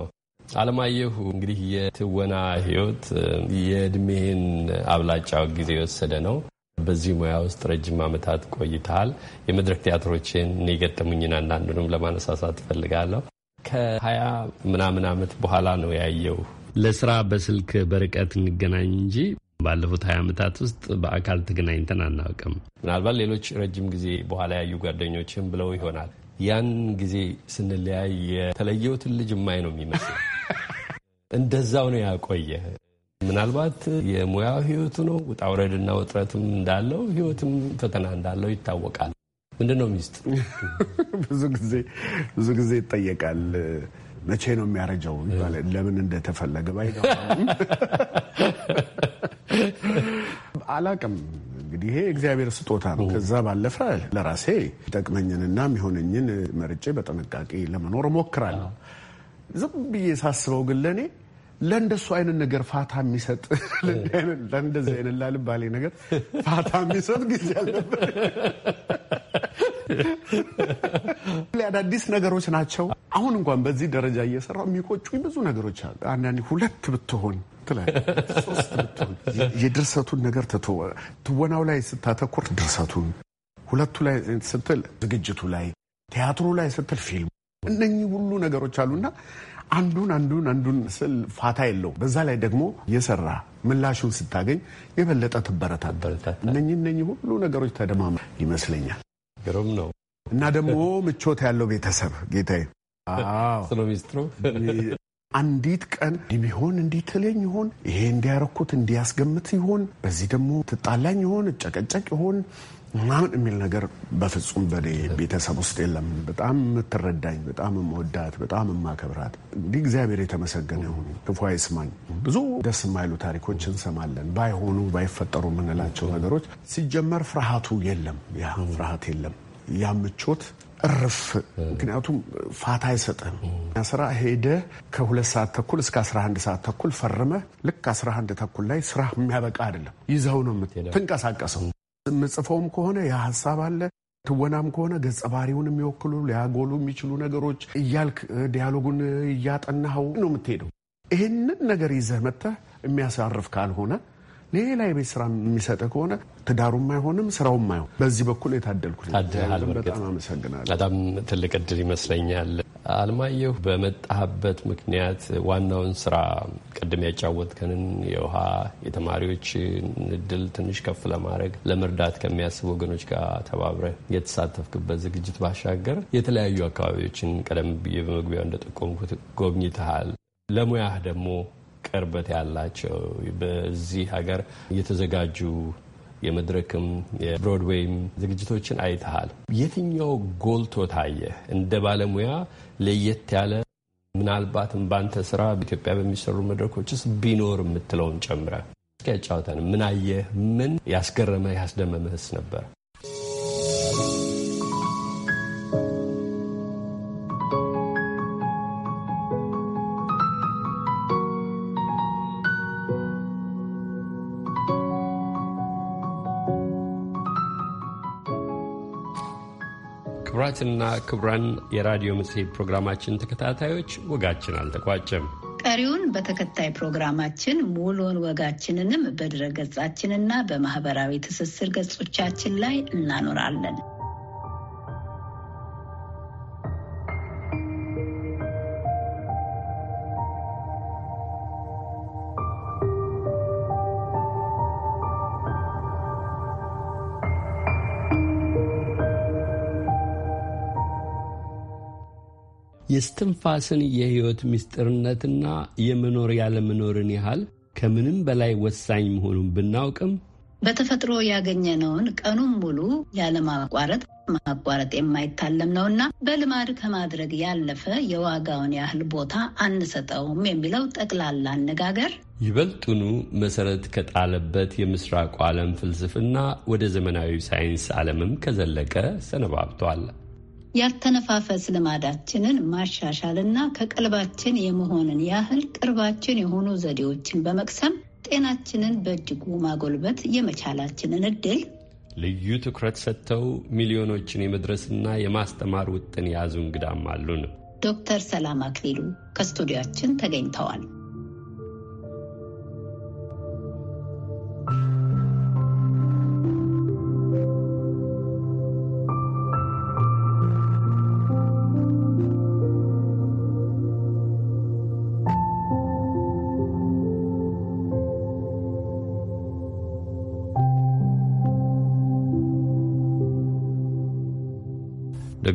አለማየሁ እንግዲህ የትወና ህይወት የእድሜህን አብላጫው ጊዜ የወሰደ ነው። በዚህ ሙያ ውስጥ ረጅም ዓመታት ቆይተሃል። የመድረክ ቲያትሮችን የገጠሙኝን አንዳንዱንም ለማነሳሳት እፈልጋለሁ። ከሀያ ምናምን ዓመት በኋላ ነው ያየው። ለስራ በስልክ በርቀት እንገናኝ እንጂ ባለፉት ሀያ ዓመታት ውስጥ በአካል ተገናኝተን አናውቅም። ምናልባት ሌሎች ረጅም ጊዜ በኋላ ያዩ ጓደኞችም ብለው ይሆናል። ያን ጊዜ ስንለያይ የተለየውትን ልጅ የማይ ነው የሚመስለው እንደዛው ነው ያቆየ። ምናልባት የሙያው ህይወቱ ነው ውጣውረድና ውጥረትም እንዳለው ህይወትም ፈተና እንዳለው ይታወቃል። ምንድን ነው *laughs* ብዙ ጊዜ ብዙ ጊዜ ይጠየቃል። መቼ ነው የሚያረጀው? ለምን እንደተፈለገ ባይ *laughs* አላቅም። እንግዲህ ይሄ እግዚአብሔር ስጦታ ነው። ከዛ ባለፈ ለራሴ ጠቅመኝንና የሚሆነኝን መርጬ በጥንቃቄ ለመኖር እሞክራለሁ። ዝም ብዬ ሳስበው ግን ለእኔ ለእንደሱ አይነት ነገር ፋታ የሚሰጥ *laughs* ለእንደዚህ አይነት ላልባሌ ነገር ፋታ የሚሰጥ ጊዜ አለበት። አዳዲስ ነገሮች ናቸው። አሁን እንኳን በዚህ ደረጃ እየሰራው የሚቆጩ ብዙ ነገሮች አሉ። አንዳንዴ ሁለት ብትሆን ብትሆን የድርሰቱን ነገር ትቶ ትወናው ላይ ስታተኩር ድርሰቱን፣ ሁለቱ ላይ ስትል ዝግጅቱ ላይ፣ ቲያትሩ ላይ ስትል ፊልሙ እነኚህ ሁሉ ነገሮች አሉና አንዱን አንዱን አንዱን ስል ፋታ የለው በዛ ላይ ደግሞ የሰራ ምላሹን ስታገኝ የበለጠ ትበረታታ። እነኚህ እነኚህ ሁሉ ነገሮች ተደማምረ ይመስለኛል። ግሩም ነው እና ደግሞ ምቾት ያለው ቤተሰብ ጌታዬ አንዲት ቀን ቢሆን እንዲትለኝ ይሆን ይሄ እንዲያረኩት እንዲያስገምት ይሆን በዚህ ደግሞ ትጣላኝ ይሆን እጨቀጨቅ ይሆን ምናምን የሚል ነገር በፍጹም በኔ ቤተሰብ ውስጥ የለም። በጣም የምትረዳኝ፣ በጣም የምወዳት፣ በጣም የማከብራት እንዲህ እግዚአብሔር የተመሰገነ ይሁን። ክፉ አይስማኝ። ብዙ ደስ የማይሉ ታሪኮች እንሰማለን። ባይሆኑ ባይፈጠሩ የምንላቸው ነገሮች ሲጀመር ፍርሃቱ የለም። ያ ፍርሃት የለም። ያ ምቾት እርፍ። ምክንያቱም ፋታ አይሰጥም። ስራ ሄደ ከሁለት ሰዓት ተኩል እስከ 11 ሰዓት ተኩል ፈርመ ልክ 11 ተኩል ላይ ስራ የሚያበቃ አይደለም። ይዘው ነው ትንቀሳቀሰው ምጽፈውም ከሆነ የሀሳብ አለ ትወናም ከሆነ ገጸ ባህሪውን የሚወክሉ ሊያጎሉ የሚችሉ ነገሮች እያልክ ዲያሎጉን እያጠናኸው ነው የምትሄደው። ይህንን ነገር ይዘህ መጥተህ የሚያሳርፍ ካልሆነ ሌላ የቤት ስራ የሚሰጠ ከሆነ ትዳሩም አይሆንም፣ ስራውም አይሆን። በዚህ በኩል የታደልኩት በጣም አመሰግናለሁ። በጣም ትልቅ እድል ይመስለኛል። አልማየሁ በመጣህበት ምክንያት ዋናውን ስራ ቅድም ያጫወትከንን የውሃ የተማሪዎች እድል ትንሽ ከፍ ለማድረግ ለመርዳት ከሚያስቡ ወገኖች ጋር ተባብረ የተሳተፍክበት ዝግጅት ባሻገር የተለያዩ አካባቢዎችን ቀደም ብዬ በመግቢያው እንደጠቆምኩት ጎብኝተሃል። ለሙያህ ደግሞ ቅርበት ያላቸው በዚህ ሀገር የተዘጋጁ የመድረክም የብሮድዌይም ዝግጅቶችን አይተሃል። የትኛው ጎልቶ ታየህ? እንደ ባለሙያ ለየት ያለ ምናልባትም በአንተ ስራ በኢትዮጵያ በሚሰሩ መድረኮች ውስጥ ቢኖር የምትለውን ጨምረ እስኪ ያጫውተን። ምን አየህ? ምን ያስገረመህ ያስደመመህስ ነበር? ክቡራትና ክቡራን የራዲዮ መጽሔት ፕሮግራማችን ተከታታዮች ወጋችን አልተቋጨም። ቀሪውን በተከታይ ፕሮግራማችን ሙሉውን ወጋችንንም በድረ ገጻችንና በማህበራዊ ትስስር ገጾቻችን ላይ እናኖራለን። የስትንፋስን የሕይወት ምስጢርነትና የመኖር ያለመኖርን ያህል ከምንም በላይ ወሳኝ መሆኑን ብናውቅም በተፈጥሮ ያገኘነውን ቀኑን ሙሉ ያለማቋረጥ ማቋረጥ የማይታለም ነውና በልማድ ከማድረግ ያለፈ የዋጋውን ያህል ቦታ አንሰጠውም የሚለው ጠቅላላ አነጋገር ይበልጡኑ መሰረት ከጣለበት የምስራቁ ዓለም ፍልስፍና ወደ ዘመናዊ ሳይንስ ዓለምም ከዘለቀ ሰነባብቷል። ያልተነፋፈስ ልማዳችንን እና ከቀልባችን የመሆንን ያህል ቅርባችን የሆኑ ዘዴዎችን በመቅሰም ጤናችንን በእጅጉ ማጎልበት የመቻላችንን እድል ልዩ ትኩረት ሰጥተው ሚሊዮኖችን የመድረስና የማስተማር ውጥን የያዙ እንግዳም አሉን። ዶክተር ሰላም አክሊሉ ከስቱዲያችን ተገኝተዋል።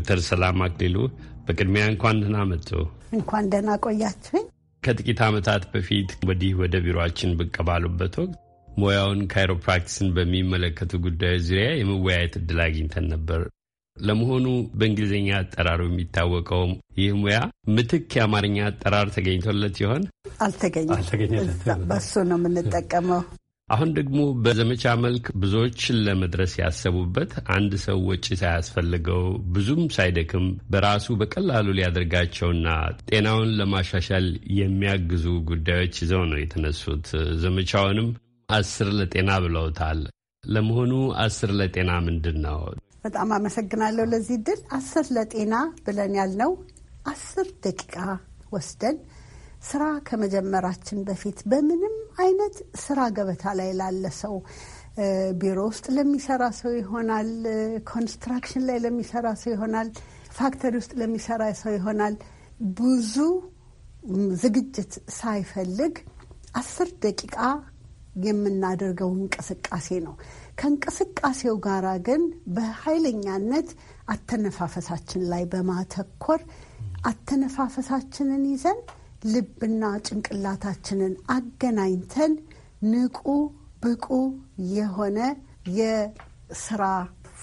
ዶክተር ሰላም አክሊሉ በቅድሚያ እንኳን ደህና መጡ። እንኳን ደህና ቆያችሁኝ። ከጥቂት ዓመታት በፊት ወዲህ ወደ ቢሮችን ብቅ ባሉበት ወቅት ሙያውን ካይሮፕራክቲስን በሚመለከቱ ጉዳዮች ዙሪያ የመወያየት እድል አግኝተን ነበር። ለመሆኑ በእንግሊዝኛ አጠራሩ የሚታወቀው ይህ ሙያ ምትክ የአማርኛ አጠራር ተገኝቶለት ይሆን? አልተገኘ። በሱ ነው የምንጠቀመው። አሁን ደግሞ በዘመቻ መልክ ብዙዎችን ለመድረስ ያሰቡበት አንድ ሰው ወጪ ሳያስፈልገው ብዙም ሳይደክም በራሱ በቀላሉ ሊያደርጋቸውና ጤናውን ለማሻሻል የሚያግዙ ጉዳዮች ይዘው ነው የተነሱት። ዘመቻውንም አስር ለጤና ብለውታል። ለመሆኑ አስር ለጤና ምንድን ነው? በጣም አመሰግናለሁ ለዚህ ድል። አስር ለጤና ብለን ያልነው አስር ደቂቃ ወስደን ስራ ከመጀመራችን በፊት በምንም አይነት ስራ ገበታ ላይ ላለ ሰው ቢሮ ውስጥ ለሚሰራ ሰው ይሆናል፣ ኮንስትራክሽን ላይ ለሚሰራ ሰው ይሆናል፣ ፋክተሪ ውስጥ ለሚሰራ ሰው ይሆናል። ብዙ ዝግጅት ሳይፈልግ አስር ደቂቃ የምናደርገው እንቅስቃሴ ነው። ከእንቅስቃሴው ጋራ ግን በኃይለኛነት አተነፋፈሳችን ላይ በማተኮር አተነፋፈሳችንን ይዘን ልብና ጭንቅላታችንን አገናኝተን ንቁ ብቁ የሆነ የስራ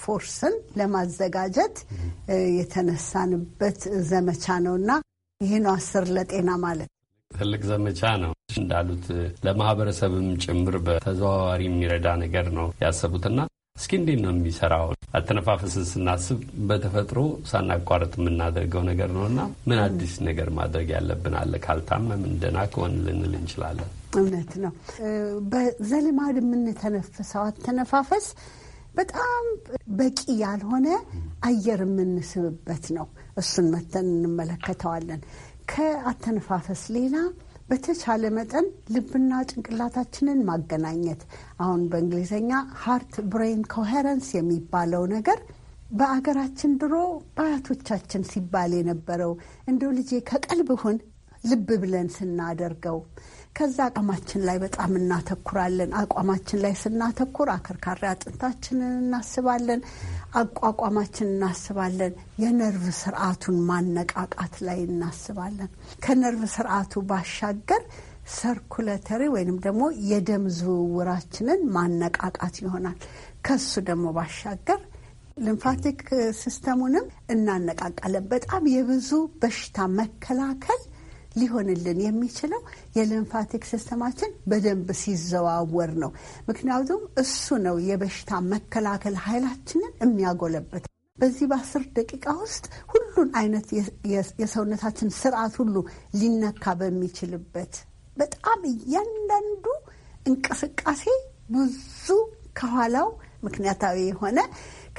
ፎርስን ለማዘጋጀት የተነሳንበት ዘመቻ ነው እና ይህ አስር ለጤና ማለት ትልቅ ዘመቻ ነው። እንዳሉት ለማህበረሰብም ጭምር በተዘዋዋሪ የሚረዳ ነገር ነው ያሰቡትና እስኪ እንዴት ነው የሚሰራው? አተነፋፈስን ስናስብ በተፈጥሮ ሳናቋረጥ የምናደርገው ነገር ነው እና ምን አዲስ ነገር ማድረግ ያለብን አለ? ካልታመም እንደና ከሆን ልንል እንችላለን። እውነት ነው። በዘልማድ የምንተነፍሰው አተነፋፈስ በጣም በቂ ያልሆነ አየር የምንስብበት ነው። እሱን መተን እንመለከተዋለን። ከአተነፋፈስ ሌላ በተቻለ መጠን ልብና ጭንቅላታችንን ማገናኘት አሁን በእንግሊዝኛ ሃርት ብሬን ኮሄረንስ የሚባለው ነገር በአገራችን ድሮ በአያቶቻችን ሲባል የነበረው እንደው ልጄ ከቀልብ ሁን ልብ ብለን ስናደርገው ከዛ አቋማችን ላይ በጣም እናተኩራለን። አቋማችን ላይ ስናተኩር አከርካሪ አጥንታችንን እናስባለን፣ አቋቋማችን እናስባለን፣ የነርቭ ስርዓቱን ማነቃቃት ላይ እናስባለን። ከነርቭ ስርዓቱ ባሻገር ሰርኩለተሪ ወይንም ደግሞ የደም ዝውውራችንን ማነቃቃት ይሆናል። ከሱ ደግሞ ባሻገር ሊምፋቲክ ሲስተሙንም እናነቃቃለን። በጣም የብዙ በሽታ መከላከል ሊሆንልን የሚችለው የሊምፋቲክ ሲስተማችን በደንብ ሲዘዋወር ነው። ምክንያቱም እሱ ነው የበሽታ መከላከል ኃይላችንን የሚያጎለበት። በዚህ በአስር ደቂቃ ውስጥ ሁሉን አይነት የሰውነታችን ስርዓት ሁሉ ሊነካ በሚችልበት በጣም እያንዳንዱ እንቅስቃሴ ብዙ ከኋላው ምክንያታዊ የሆነ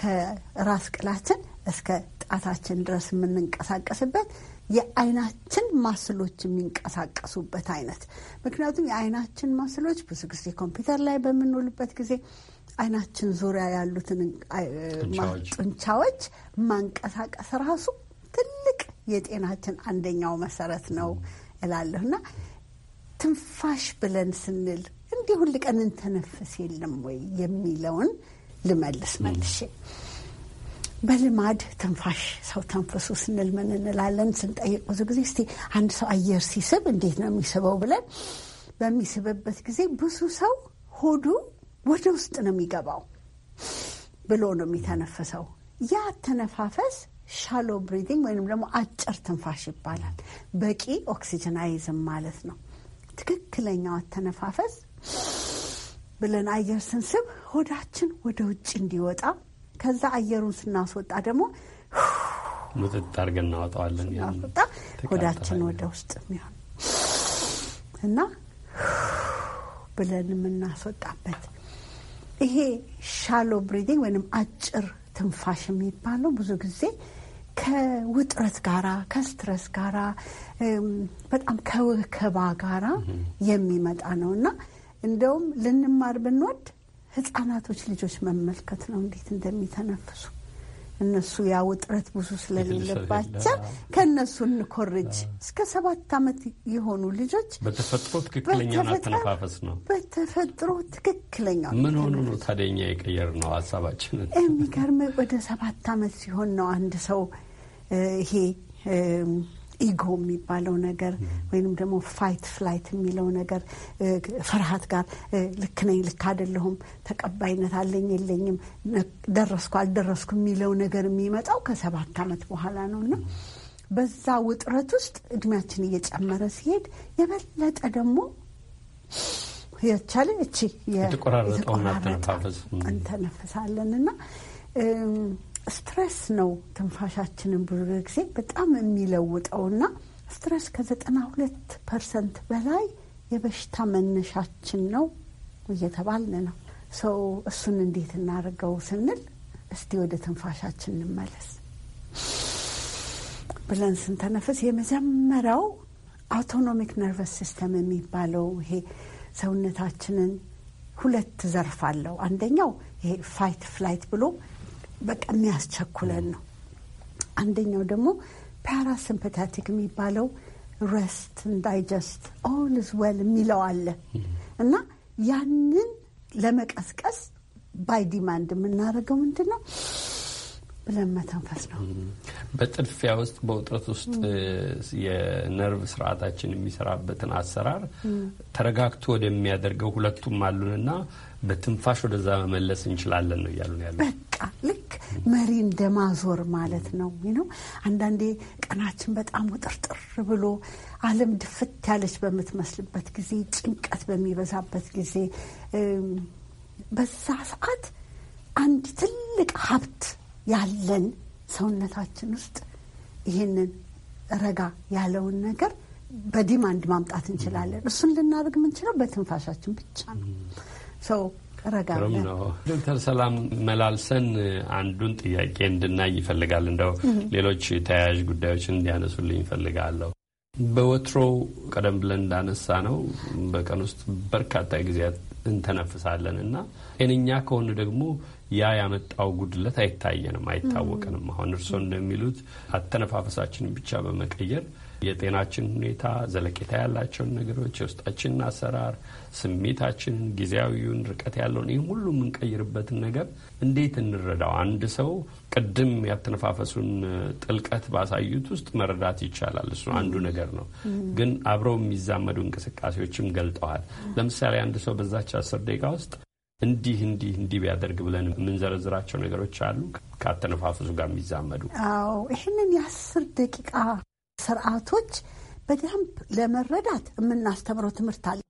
ከራስ ቅላችን እስከ ጣታችን ድረስ የምንንቀሳቀስበት የአይናችን ማስሎች የሚንቀሳቀሱበት አይነት። ምክንያቱም የአይናችን ማስሎች ብዙ ጊዜ ኮምፒውተር ላይ በምንውልበት ጊዜ አይናችን ዙሪያ ያሉትን ጡንቻዎች ማንቀሳቀስ ራሱ ትልቅ የጤናችን አንደኛው መሰረት ነው እላለሁ እና ትንፋሽ ብለን ስንል እንዲህ ሁል ቀን እንተነፍስ የለም ወይ የሚለውን ልመልስ መልሼ በልማድ ትንፋሽ ሰው ተንፍሱ ስንል ምን እንላለን ስንጠይቅ ብዙ ጊዜ እስቲ አንድ ሰው አየር ሲስብ እንዴት ነው የሚስበው ብለን በሚስብበት ጊዜ ብዙ ሰው ሆዱ ወደ ውስጥ ነው የሚገባው ብሎ ነው የሚተነፍሰው። ያ አተነፋፈስ ሻሎ ብሪዲንግ ወይንም ደግሞ አጭር ትንፋሽ ይባላል። በቂ ኦክሲጅን አይዝም ማለት ነው። ትክክለኛው አተነፋፈስ ብለን አየር ስንስብ ሆዳችን ወደ ውጭ እንዲወጣ ከዛ አየሩን ስናስወጣ ደግሞ ምጥጥ አድርገን እናወጣዋለን። ሆዳችን ወደ ውስጥ የሚሆን እና ብለን የምናስወጣበት ይሄ ሻሎ ብሪዲንግ ወይም አጭር ትንፋሽ የሚባለው ብዙ ጊዜ ከውጥረት ጋራ ከስትረስ ጋራ በጣም ከወከባ ጋራ የሚመጣ ነው እና እንደውም ልንማር ብንወድ ህጻናቶች ልጆች መመልከት ነው እንዴት እንደሚተነፍሱ እነሱ ያ ውጥረት ብዙ ስለሌለባቸው ከእነሱ እንኮርጅ። እስከ ሰባት ዓመት የሆኑ ልጆች በተፈጥሮ ትክክለኛ አተነፋፈስ ነው በተፈጥሮ ትክክለኛ ምን ሆኑ ነው ታደኛ የቀየር ነው ሀሳባችን። የሚገርም ወደ ሰባት ዓመት ሲሆን ነው አንድ ሰው ይሄ ኢጎ የሚባለው ነገር ወይንም ደግሞ ፋይት ፍላይት የሚለው ነገር ፍርሃት ጋር ልክ ነኝ፣ ልክ አይደለሁም፣ ተቀባይነት አለኝ የለኝም፣ ደረስኩ አልደረስኩ የሚለው ነገር የሚመጣው ከሰባት ዓመት በኋላ ነው እና በዛ ውጥረት ውስጥ እድሜያችን እየጨመረ ሲሄድ የበለጠ ደግሞ የቻለ እቺ የተቆራረጠ እንተነፍሳለን እና ስትረስ ነው ትንፋሻችንን ብዙ ጊዜ በጣም የሚለውጠውና ስትረስ ከዘጠና ሁለት ፐርሰንት በላይ የበሽታ መነሻችን ነው እየተባልን ነው። ሰው እሱን እንዴት እናደርገው ስንል እስቲ ወደ ትንፋሻችን እንመለስ ብለን ስንተነፍስ የመጀመሪያው አውቶኖሚክ ነርቨስ ሲስተም የሚባለው ይሄ ሰውነታችንን ሁለት ዘርፍ አለው። አንደኛው ይሄ ፋይት ፍላይት ብሎ በቃ የሚያስቸኩለን ነው። አንደኛው ደግሞ ፓራሲምፐታቲክ የሚባለው ረስት ዳይጀስት ኦል ዝ ዌል የሚለው አለ እና ያንን ለመቀስቀስ ባይ ዲማንድ የምናደርገው ምንድን ነው ብለን መተንፈስ ነው። በጥድፊያ ውስጥ በውጥረት ውስጥ የነርቭ ስርዓታችን የሚሰራበትን አሰራር ተረጋግቶ ወደሚያደርገው ሁለቱም አሉንና በትንፋሽ ወደዛ መመለስ እንችላለን ነው እያሉ ያሉ። በቃ ልክ መሪ እንደ ማዞር ማለት ነው ነው። አንዳንዴ ቀናችን በጣም ውጥርጥር ብሎ ዓለም ድፍት ያለች በምትመስልበት ጊዜ፣ ጭንቀት በሚበዛበት ጊዜ፣ በዛ ሰዓት አንድ ትልቅ ሀብት ያለን ሰውነታችን ውስጥ ይህንን ረጋ ያለውን ነገር በዲማንድ ማምጣት እንችላለን። እሱን ልናደርግ የምንችለው በትንፋሻችን ብቻ ነው። ሰው ዶክተር ሰላም መላልሰን አንዱን ጥያቄ እንድናይ ይፈልጋል። እንደው ሌሎች ተያያዥ ጉዳዮችን እንዲያነሱልኝ ይፈልጋለሁ። በወትሮ ቀደም ብለን እንዳነሳ ነው በቀን ውስጥ በርካታ ጊዜያት እንተነፍሳለን እና ጤነኛ ከሆነ ደግሞ ያ ያመጣው ጉድለት አይታየንም፣ አይታወቅንም አሁን እርስዎ እንደሚሉት አተነፋፈሳችንን ብቻ በመቀየር የጤናችን ሁኔታ፣ ዘለቄታ ያላቸውን ነገሮች፣ የውስጣችንን አሰራር፣ ስሜታችንን፣ ጊዜያዊውን፣ ርቀት ያለውን ይህም ሁሉ የምንቀይርበትን ነገር እንዴት እንረዳው? አንድ ሰው ቅድም ያተነፋፈሱን ጥልቀት ባሳዩት ውስጥ መረዳት ይቻላል። እሱ አንዱ ነገር ነው። ግን አብረው የሚዛመዱ እንቅስቃሴዎችም ገልጠዋል። ለምሳሌ አንድ ሰው በዛች አስር ደቂቃ ውስጥ እንዲህ እንዲህ እንዲህ ቢያደርግ ብለን የምንዘረዝራቸው ነገሮች አሉ፣ ከአተነፋፈሱ ጋር የሚዛመዱ። አዎ ይህንን የአስር ደቂቃ ስርዓቶች በደንብ ለመረዳት የምናስተምረው ትምህርት አለ።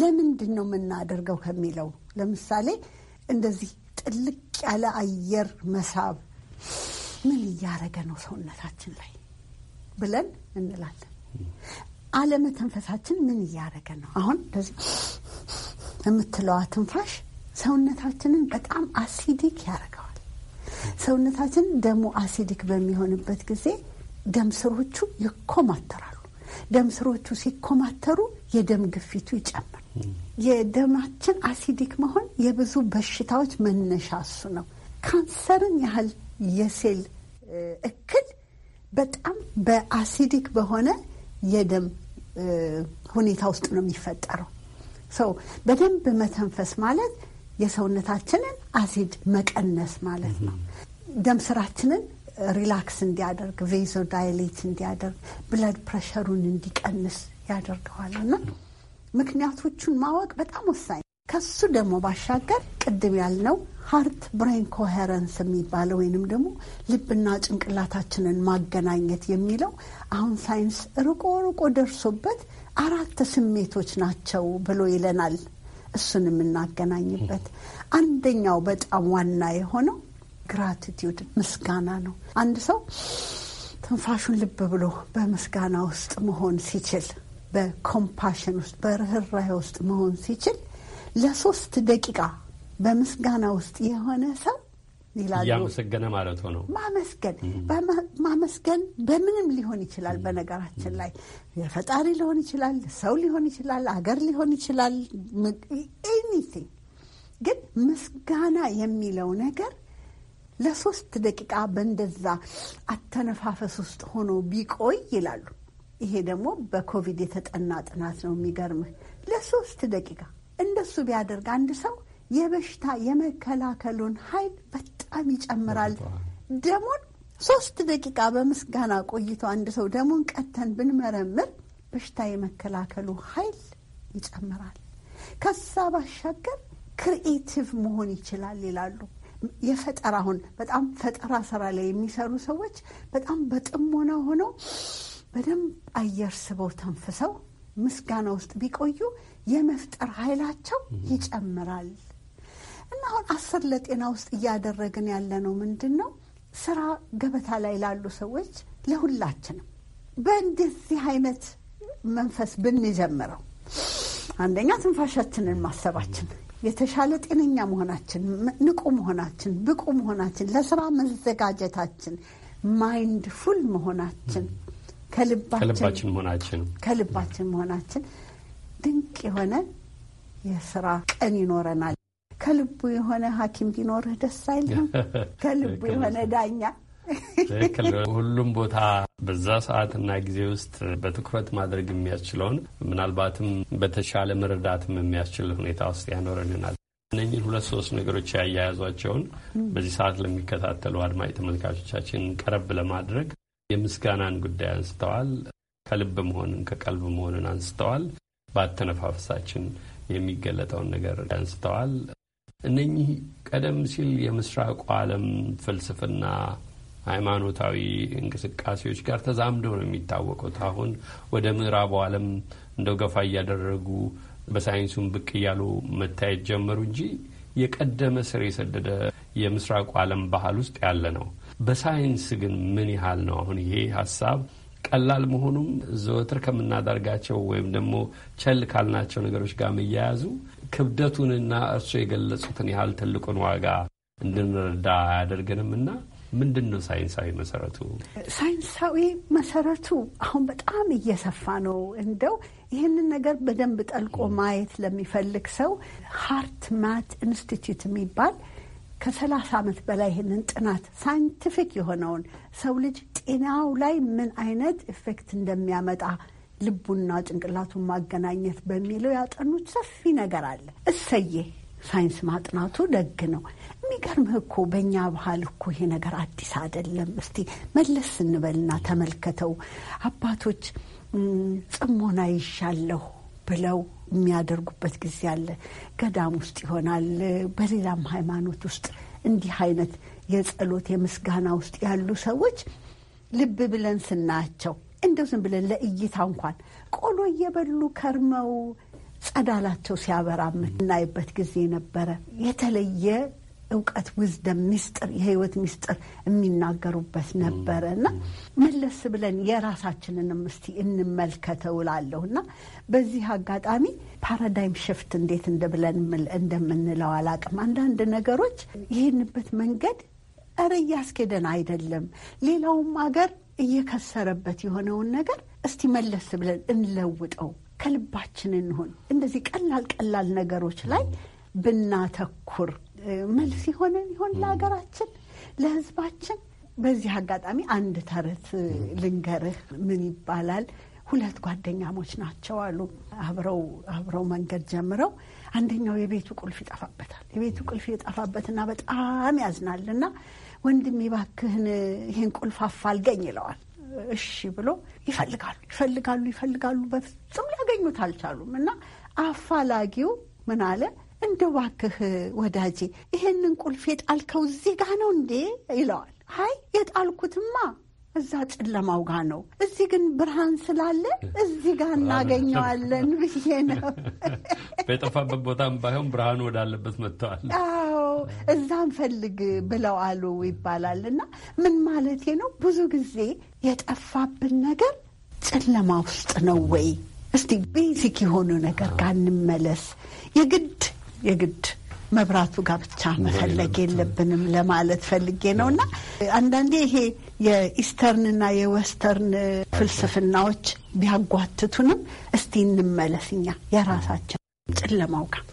ለምንድን ነው የምናደርገው ከሚለው ለምሳሌ እንደዚህ ጥልቅ ያለ አየር መሳብ ምን እያደረገ ነው ሰውነታችን ላይ ብለን እንላለን። አለመተንፈሳችን ምን እያደረገ ነው? አሁን እንደዚህ የምትለዋ ትንፋሽ ሰውነታችንን በጣም አሲዲክ ያደርገዋል። ሰውነታችን ደሞ አሲዲክ በሚሆንበት ጊዜ ደም ስሮቹ ይኮማተራሉ። ደም ስሮቹ ሲኮማተሩ የደም ግፊቱ ይጨምር። የደማችን አሲዲክ መሆን የብዙ በሽታዎች መነሻ እሱ ነው። ካንሰርን ያህል የሴል እክል በጣም በአሲዲክ በሆነ የደም ሁኔታ ውስጥ ነው የሚፈጠረው። ሰው በደንብ መተንፈስ ማለት የሰውነታችንን አሲድ መቀነስ ማለት ነው። ደም ስራችንን ሪላክስ እንዲያደርግ፣ ቬዞ ዳይሌት እንዲያደርግ፣ ብለድ ፕሬሸሩን እንዲቀንስ ያደርገዋል እና ምክንያቶቹን ማወቅ በጣም ወሳኝ። ከሱ ደግሞ ባሻገር ቅድም ያልነው ሀርት ብሬን ኮሄረንስ የሚባለው ወይንም ደግሞ ልብና ጭንቅላታችንን ማገናኘት የሚለው አሁን ሳይንስ ርቆ ርቆ ደርሶበት አራት ስሜቶች ናቸው ብሎ ይለናል። እሱን የምናገናኝበት አንደኛው በጣም ዋና የሆነው ግራቲቲዩድ ምስጋና ነው። አንድ ሰው ትንፋሹን ልብ ብሎ በምስጋና ውስጥ መሆን ሲችል፣ በኮምፓሽን ውስጥ በርኅራኄ ውስጥ መሆን ሲችል ለሶስት ደቂቃ በምስጋና ውስጥ የሆነ ሰው እያመሰገነ ማለት ነው። ማመስገን ማመስገን በምንም ሊሆን ይችላል። በነገራችን ላይ የፈጣሪ ሊሆን ይችላል፣ ሰው ሊሆን ይችላል፣ አገር ሊሆን ይችላል። ኤኒቲንግ ግን ምስጋና የሚለው ነገር ለሶስት ደቂቃ በእንደዛ አተነፋፈስ ውስጥ ሆኖ ቢቆይ ይላሉ። ይሄ ደግሞ በኮቪድ የተጠና ጥናት ነው። የሚገርምህ ለሶስት ደቂቃ እንደሱ ቢያደርግ አንድ ሰው የበሽታ የመከላከሉን ኃይል በጣም ይጨምራል። ደሞን ሶስት ደቂቃ በምስጋና ቆይቶ አንድ ሰው ደሞን ቀተን ብንመረምር በሽታ የመከላከሉ ኃይል ይጨምራል። ከዛ ባሻገር ክርኤቲቭ መሆን ይችላል ይላሉ። የፈጠራ አሁን በጣም ፈጠራ ስራ ላይ የሚሰሩ ሰዎች በጣም በጥሞና ሆነው በደንብ አየር ስበው ተንፍሰው ምስጋና ውስጥ ቢቆዩ የመፍጠር ኃይላቸው ይጨምራል። እና አሁን አስር ለጤና ውስጥ እያደረግን ያለነው ምንድን ነው? ስራ ገበታ ላይ ላሉ ሰዎች ለሁላችንም በእንደዚህ አይነት መንፈስ ብንጀምረው አንደኛ ትንፋሻችንን ማሰባችን የተሻለ ጤነኛ መሆናችን፣ ንቁ መሆናችን፣ ብቁ መሆናችን፣ ለስራ መዘጋጀታችን፣ ማይንድፉል መሆናችን፣ ከልባችን መሆናችን ከልባችን መሆናችን ድንቅ የሆነ የስራ ቀን ይኖረናል። ከልቡ የሆነ ሐኪም ቢኖርህ ደስ አይልም? *laughs* ከልቡ የሆነ ዳኛ ትክክል ሁሉም ቦታ በዛ ሰዓትና ጊዜ ውስጥ በትኩረት ማድረግ የሚያስችለውን ምናልባትም በተሻለ መረዳትም የሚያስችል ሁኔታ ውስጥ ያኖረንናል። እነኝን ሁለት ሶስት ነገሮች ያያያዟቸውን በዚህ ሰዓት ለሚከታተሉ አድማጭ ተመልካቾቻችን ቀረብ ለማድረግ የምስጋናን ጉዳይ አንስተዋል። ከልብ መሆንን ከቀልብ መሆንን አንስተዋል። በአተነፋፈሳችን የሚገለጠውን ነገር አንስተዋል። እነኚህ ቀደም ሲል የምስራቁ ዓለም ፍልስፍና ሃይማኖታዊ እንቅስቃሴዎች ጋር ተዛምዶ ነው የሚታወቁት። አሁን ወደ ምዕራቡ ዓለም እንደው ገፋ እያደረጉ በሳይንሱም ብቅ እያሉ መታየት ጀመሩ እንጂ የቀደመ ስር የሰደደ የምስራቁ ዓለም ባህል ውስጥ ያለ ነው። በሳይንስ ግን ምን ያህል ነው አሁን ይሄ ሀሳብ ቀላል መሆኑም ዘወትር ከምናደርጋቸው ወይም ደግሞ ቸል ካልናቸው ነገሮች ጋር መያያዙ ክብደቱንና እርሶ የገለጹትን ያህል ትልቁን ዋጋ እንድንረዳ አያደርገንም እና ምንድን ነው ሳይንሳዊ መሰረቱ? ሳይንሳዊ መሰረቱ አሁን በጣም እየሰፋ ነው። እንደው ይህንን ነገር በደንብ ጠልቆ ማየት ለሚፈልግ ሰው ሃርት ማት ኢንስቲትዩት የሚባል ከሰላሳ ዓመት በላይ ይህንን ጥናት ሳይንቲፊክ የሆነውን ሰው ልጅ ጤናው ላይ ምን አይነት ኢፌክት እንደሚያመጣ ልቡና ጭንቅላቱን ማገናኘት በሚለው ያጠኑት ሰፊ ነገር አለ። እሰዬ ሳይንስ ማጥናቱ ደግ ነው። የሚገርምህ እኮ በእኛ ባህል እኮ ይሄ ነገር አዲስ አይደለም። እስቲ መለስ እንበልና ተመልከተው አባቶች ጽሞና ይሻለሁ ብለው የሚያደርጉበት ጊዜ አለ። ገዳም ውስጥ ይሆናል፣ በሌላም ሃይማኖት ውስጥ እንዲህ አይነት የጸሎት የምስጋና ውስጥ ያሉ ሰዎች ልብ ብለን ስናያቸው እንደው ዝም ብለን ለእይታ እንኳን ቆሎ እየበሉ ከርመው ጸዳላቸው ሲያበራ የምናይበት ጊዜ ነበረ። የተለየ እውቀት ውዝደም ሚስጥር የህይወት ሚስጥር የሚናገሩበት ነበረ እና መለስ ብለን የራሳችንንም እስቲ እንመልከተው እላለሁ እና በዚህ አጋጣሚ ፓራዳይም ሽፍት እንዴት እንደብለን እንደምንለው አላቅም። አንዳንድ ነገሮች ይህንበት መንገድ እረ እያስኬደን አይደለም፣ ሌላውም አገር እየከሰረበት የሆነውን ነገር እስቲ መለስ ብለን እንለውጠው፣ ከልባችን እንሆን እንደዚህ ቀላል ቀላል ነገሮች ላይ ብናተኩር መልስ የሆነን ይሆን ለሀገራችን፣ ለህዝባችን? በዚህ አጋጣሚ አንድ ተረት ልንገርህ። ምን ይባላል? ሁለት ጓደኛሞች ናቸው አሉ። አብረው አብረው መንገድ ጀምረው አንደኛው የቤቱ ቁልፍ ይጠፋበታል። የቤቱ ቁልፍ ይጠፋበትና በጣም ያዝናል እና ወንድሜ እባክህን ይህን ቁልፍ አፋልገኝ ይለዋል። እሺ ብሎ ይፈልጋሉ ይፈልጋሉ ይፈልጋሉ፣ በፍጹም ሊያገኙት አልቻሉም። እና አፋላጊው ምን አለ እንደ ዋክህ ወዳጄ ይሄንን ቁልፍ የጣልከው እዚህ ጋ ነው እንዴ ይለዋል። አይ የጣልኩትማ እዛ ጨለማው ጋ ነው፣ እዚህ ግን ብርሃን ስላለ እዚህ ጋ እናገኘዋለን ብዬ ነው። *laughs* በጠፋበት ቦታም ባይሆን ብርሃኑ ወዳለበት መጥተዋል። አዎ እዛም ፈልግ ብለው አሉ ይባላል። እና ምን ማለቴ ነው ብዙ ጊዜ የጠፋብን ነገር ጨለማ ውስጥ ነው ወይ? እስቲ ቤዚክ የሆኑ ነገር ጋር እንመለስ። የግድ የግድ መብራቱ ጋር ብቻ መፈለግ የለብንም ለማለት ፈልጌ ነው። እና አንዳንዴ ይሄ የኢስተርንና የወስተርን ፍልስፍናዎች ቢያጓትቱንም እስቲ እንመለስኛ የራሳችን ጨለማው ጋር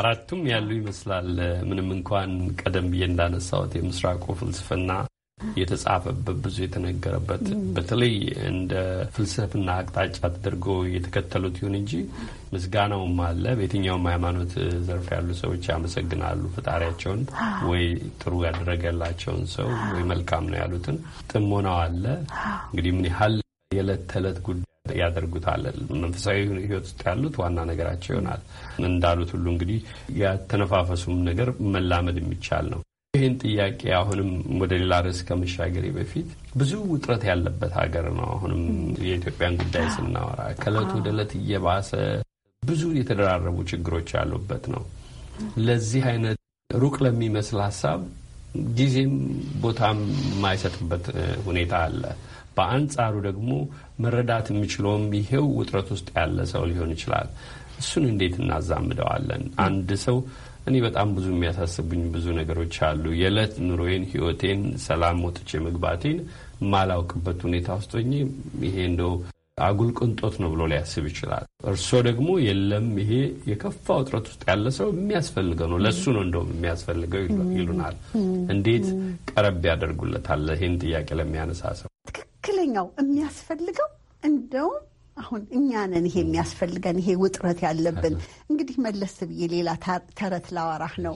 አራቱም ያሉ ይመስላል። ምንም እንኳን ቀደም ብዬ እንዳነሳሁት የምስራቁ ፍልስፍና የተጻፈበት ብዙ የተነገረበት በተለይ እንደ ፍልስፍና አቅጣጫ ተደርጎ የተከተሉት ይሁን እንጂ ምስጋናውም አለ። በየትኛውም ሃይማኖት ዘርፍ ያሉ ሰዎች ያመሰግናሉ ፈጣሪያቸውን ወይ ጥሩ ያደረገላቸውን ሰው ወይ መልካም ነው ያሉትን። ጥሞናው አለ። እንግዲህ ምን ያህል የዕለት ተዕለት ጉዳይ ያደርጉታል። መንፈሳዊ ህይወት ውስጥ ያሉት ዋና ነገራቸው ይሆናል። እንዳሉት ሁሉ እንግዲህ ያተነፋፈሱም ነገር መላመድ የሚቻል ነው። ይህን ጥያቄ አሁንም ወደ ሌላ ርዕስ ከመሻገሬ በፊት ብዙ ውጥረት ያለበት ሀገር ነው። አሁንም የኢትዮጵያን ጉዳይ ስናወራ ከእለት ወደ እለት እየባሰ ብዙ የተደራረቡ ችግሮች ያሉበት ነው። ለዚህ አይነት ሩቅ ለሚመስል ሀሳብ ጊዜም ቦታም የማይሰጥበት ሁኔታ አለ። በአንጻሩ ደግሞ መረዳት የሚችለውም ይሄው ውጥረት ውስጥ ያለ ሰው ሊሆን ይችላል። እሱን እንዴት እናዛምደዋለን? አንድ ሰው እኔ በጣም ብዙ የሚያሳስቡኝ ብዙ ነገሮች አሉ። የዕለት ኑሮዬን፣ ህይወቴን፣ ሰላም ወጥቼ መግባቴን ማላውቅበት ሁኔታ ውስጥ ሆኜ ይሄ እንደው አጉል ቅንጦት ነው ብሎ ሊያስብ ይችላል። እርስዎ ደግሞ የለም ይሄ የከፋ ውጥረት ውስጥ ያለ ሰው የሚያስፈልገው ነው ለሱ ነው እንደውም የሚያስፈልገው ይሉናል። እንዴት ቀረብ ያደርጉለታል? ይህን ጥያቄ ለሚያነሳ ሰው ትክክለኛው የሚያስፈልገው እንደውም አሁን እኛ ነን ይሄ የሚያስፈልገን ይሄ ውጥረት ያለብን። እንግዲህ መለስ ብዬ ሌላ ተረት ላወራህ ነው።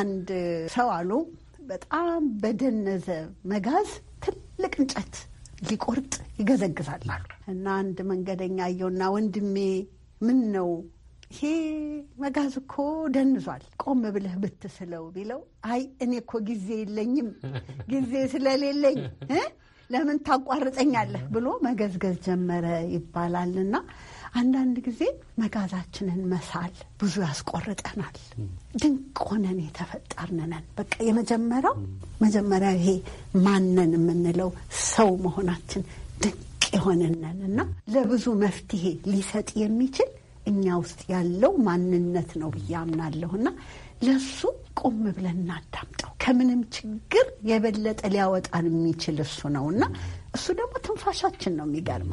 አንድ ሰው አሉ በጣም በደነዘ መጋዝ ትልቅ እንጨት ሊቆርጥ ይገዘግዛል አሉ እና አንድ መንገደኛ አየውና ወንድሜ ምን ነው ይሄ መጋዝ እኮ ደንዟል፣ ቆም ብለህ ብትስለው ቢለው አይ እኔ እኮ ጊዜ የለኝም ጊዜ ስለሌለኝ ለምን ታቋርጠኛለህ ብሎ መገዝገዝ ጀመረ ይባላል። እና አንዳንድ ጊዜ መጋዛችንን መሳል ብዙ ያስቆርጠናል። ድንቅ ሆነን የተፈጠርንነን በቃ የመጀመሪያው መጀመሪያ ይሄ ማነን የምንለው ሰው መሆናችን ድንቅ የሆንነን እና ለብዙ መፍትሄ ሊሰጥ የሚችል እኛ ውስጥ ያለው ማንነት ነው ብዬ አምናለሁ እና ለሱ ቆም ብለን እናዳምጠው። ከምንም ችግር የበለጠ ሊያወጣን የሚችል እሱ ነው እና እሱ ደግሞ ትንፋሻችን ነው። የሚገርም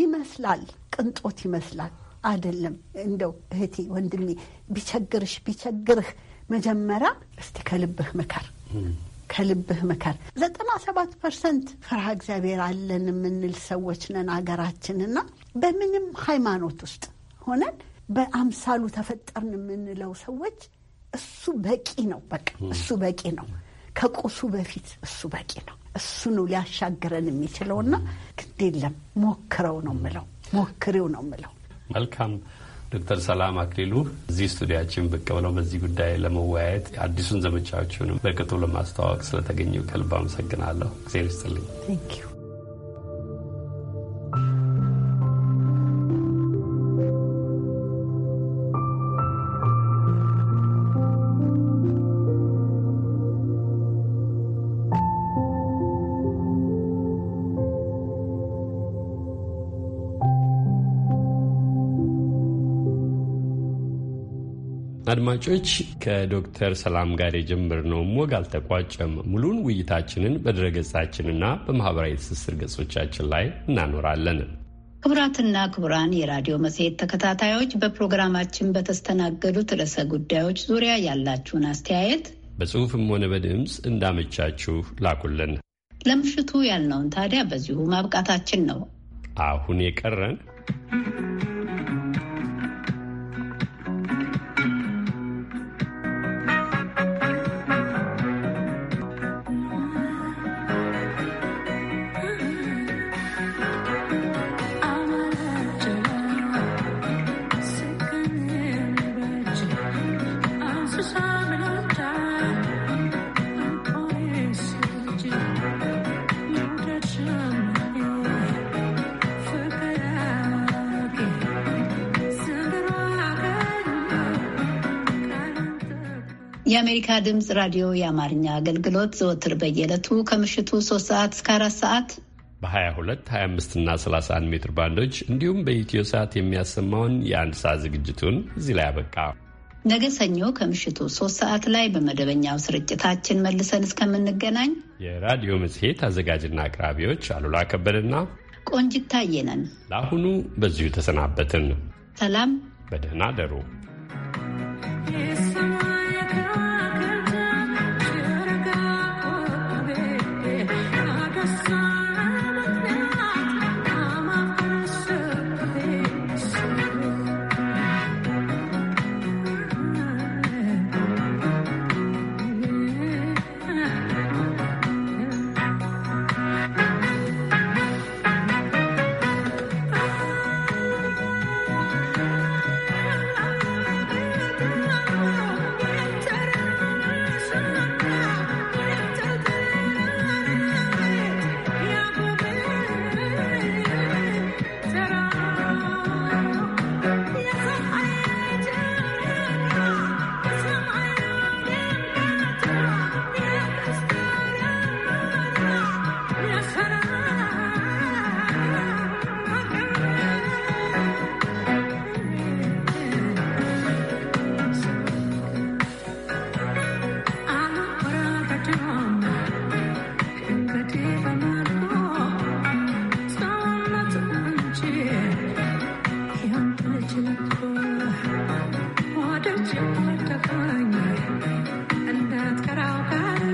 ይመስላል፣ ቅንጦት ይመስላል። አይደለም። እንደው እህቴ ወንድሜ፣ ቢቸግርሽ ቢቸግርህ መጀመሪያ እስቲ ከልብህ ምከር ከልብህ ምከር። ዘጠና ሰባት ፐርሰንት ፍርሃ እግዚአብሔር አለን የምንል ሰዎች ነን አገራችንና በምንም ሃይማኖት ውስጥ ሆነን በአምሳሉ ተፈጠርን የምንለው ሰዎች እሱ በቂ ነው። በቃ እሱ በቂ ነው። ከቁሱ በፊት እሱ በቂ ነው። እሱ ነው ሊያሻግረን የሚችለውና ግድ የለም ሞክረው ነው ምለው ሞክሬው ነው ምለው። መልካም ዶክተር ሰላም አክሊሉ እዚህ ስቱዲያችን ብቅ ብለው በዚህ ጉዳይ ለመወያየት አዲሱን ዘመቻዎችንም በቅጡ ለማስተዋወቅ ስለተገኘው ከልብ አመሰግናለሁ። እግዜር ይስጥልኝ። አድማጮች ከዶክተር ሰላም ጋር የጀመርነውም ወግ አልተቋጨም። ሙሉን ውይይታችንን በድረገጻችንና በማህበራዊ ትስስር ገጾቻችን ላይ እናኖራለን። ክቡራትና ክቡራን የራዲዮ መጽሔት ተከታታዮች በፕሮግራማችን በተስተናገዱት ርዕሰ ጉዳዮች ዙሪያ ያላችሁን አስተያየት በጽሁፍም ሆነ በድምፅ እንዳመቻችሁ ላኩልን። ለምሽቱ ያልነውን ታዲያ በዚሁ ማብቃታችን ነው። አሁን የቀረን የአሜሪካ ድምፅ ራዲዮ የአማርኛ አገልግሎት ዘወትር በየዕለቱ ከምሽቱ 3 ሰዓት እስከ 4 ሰዓት በ22፣ 25 እና 31 ሜትር ባንዶች እንዲሁም በኢትዮ ሰዓት የሚያሰማውን የአንድ ሰዓት ዝግጅቱን እዚህ ላይ አበቃ። ነገ ሰኞ ከምሽቱ 3 ሰዓት ላይ በመደበኛው ስርጭታችን መልሰን እስከምንገናኝ የራዲዮ መጽሔት አዘጋጅና አቅራቢዎች አሉላ ከበደና ቆንጅት ታየ ነን። ለአሁኑ በዚሁ ተሰናበትን። ሰላም፣ በደህና ደሩ።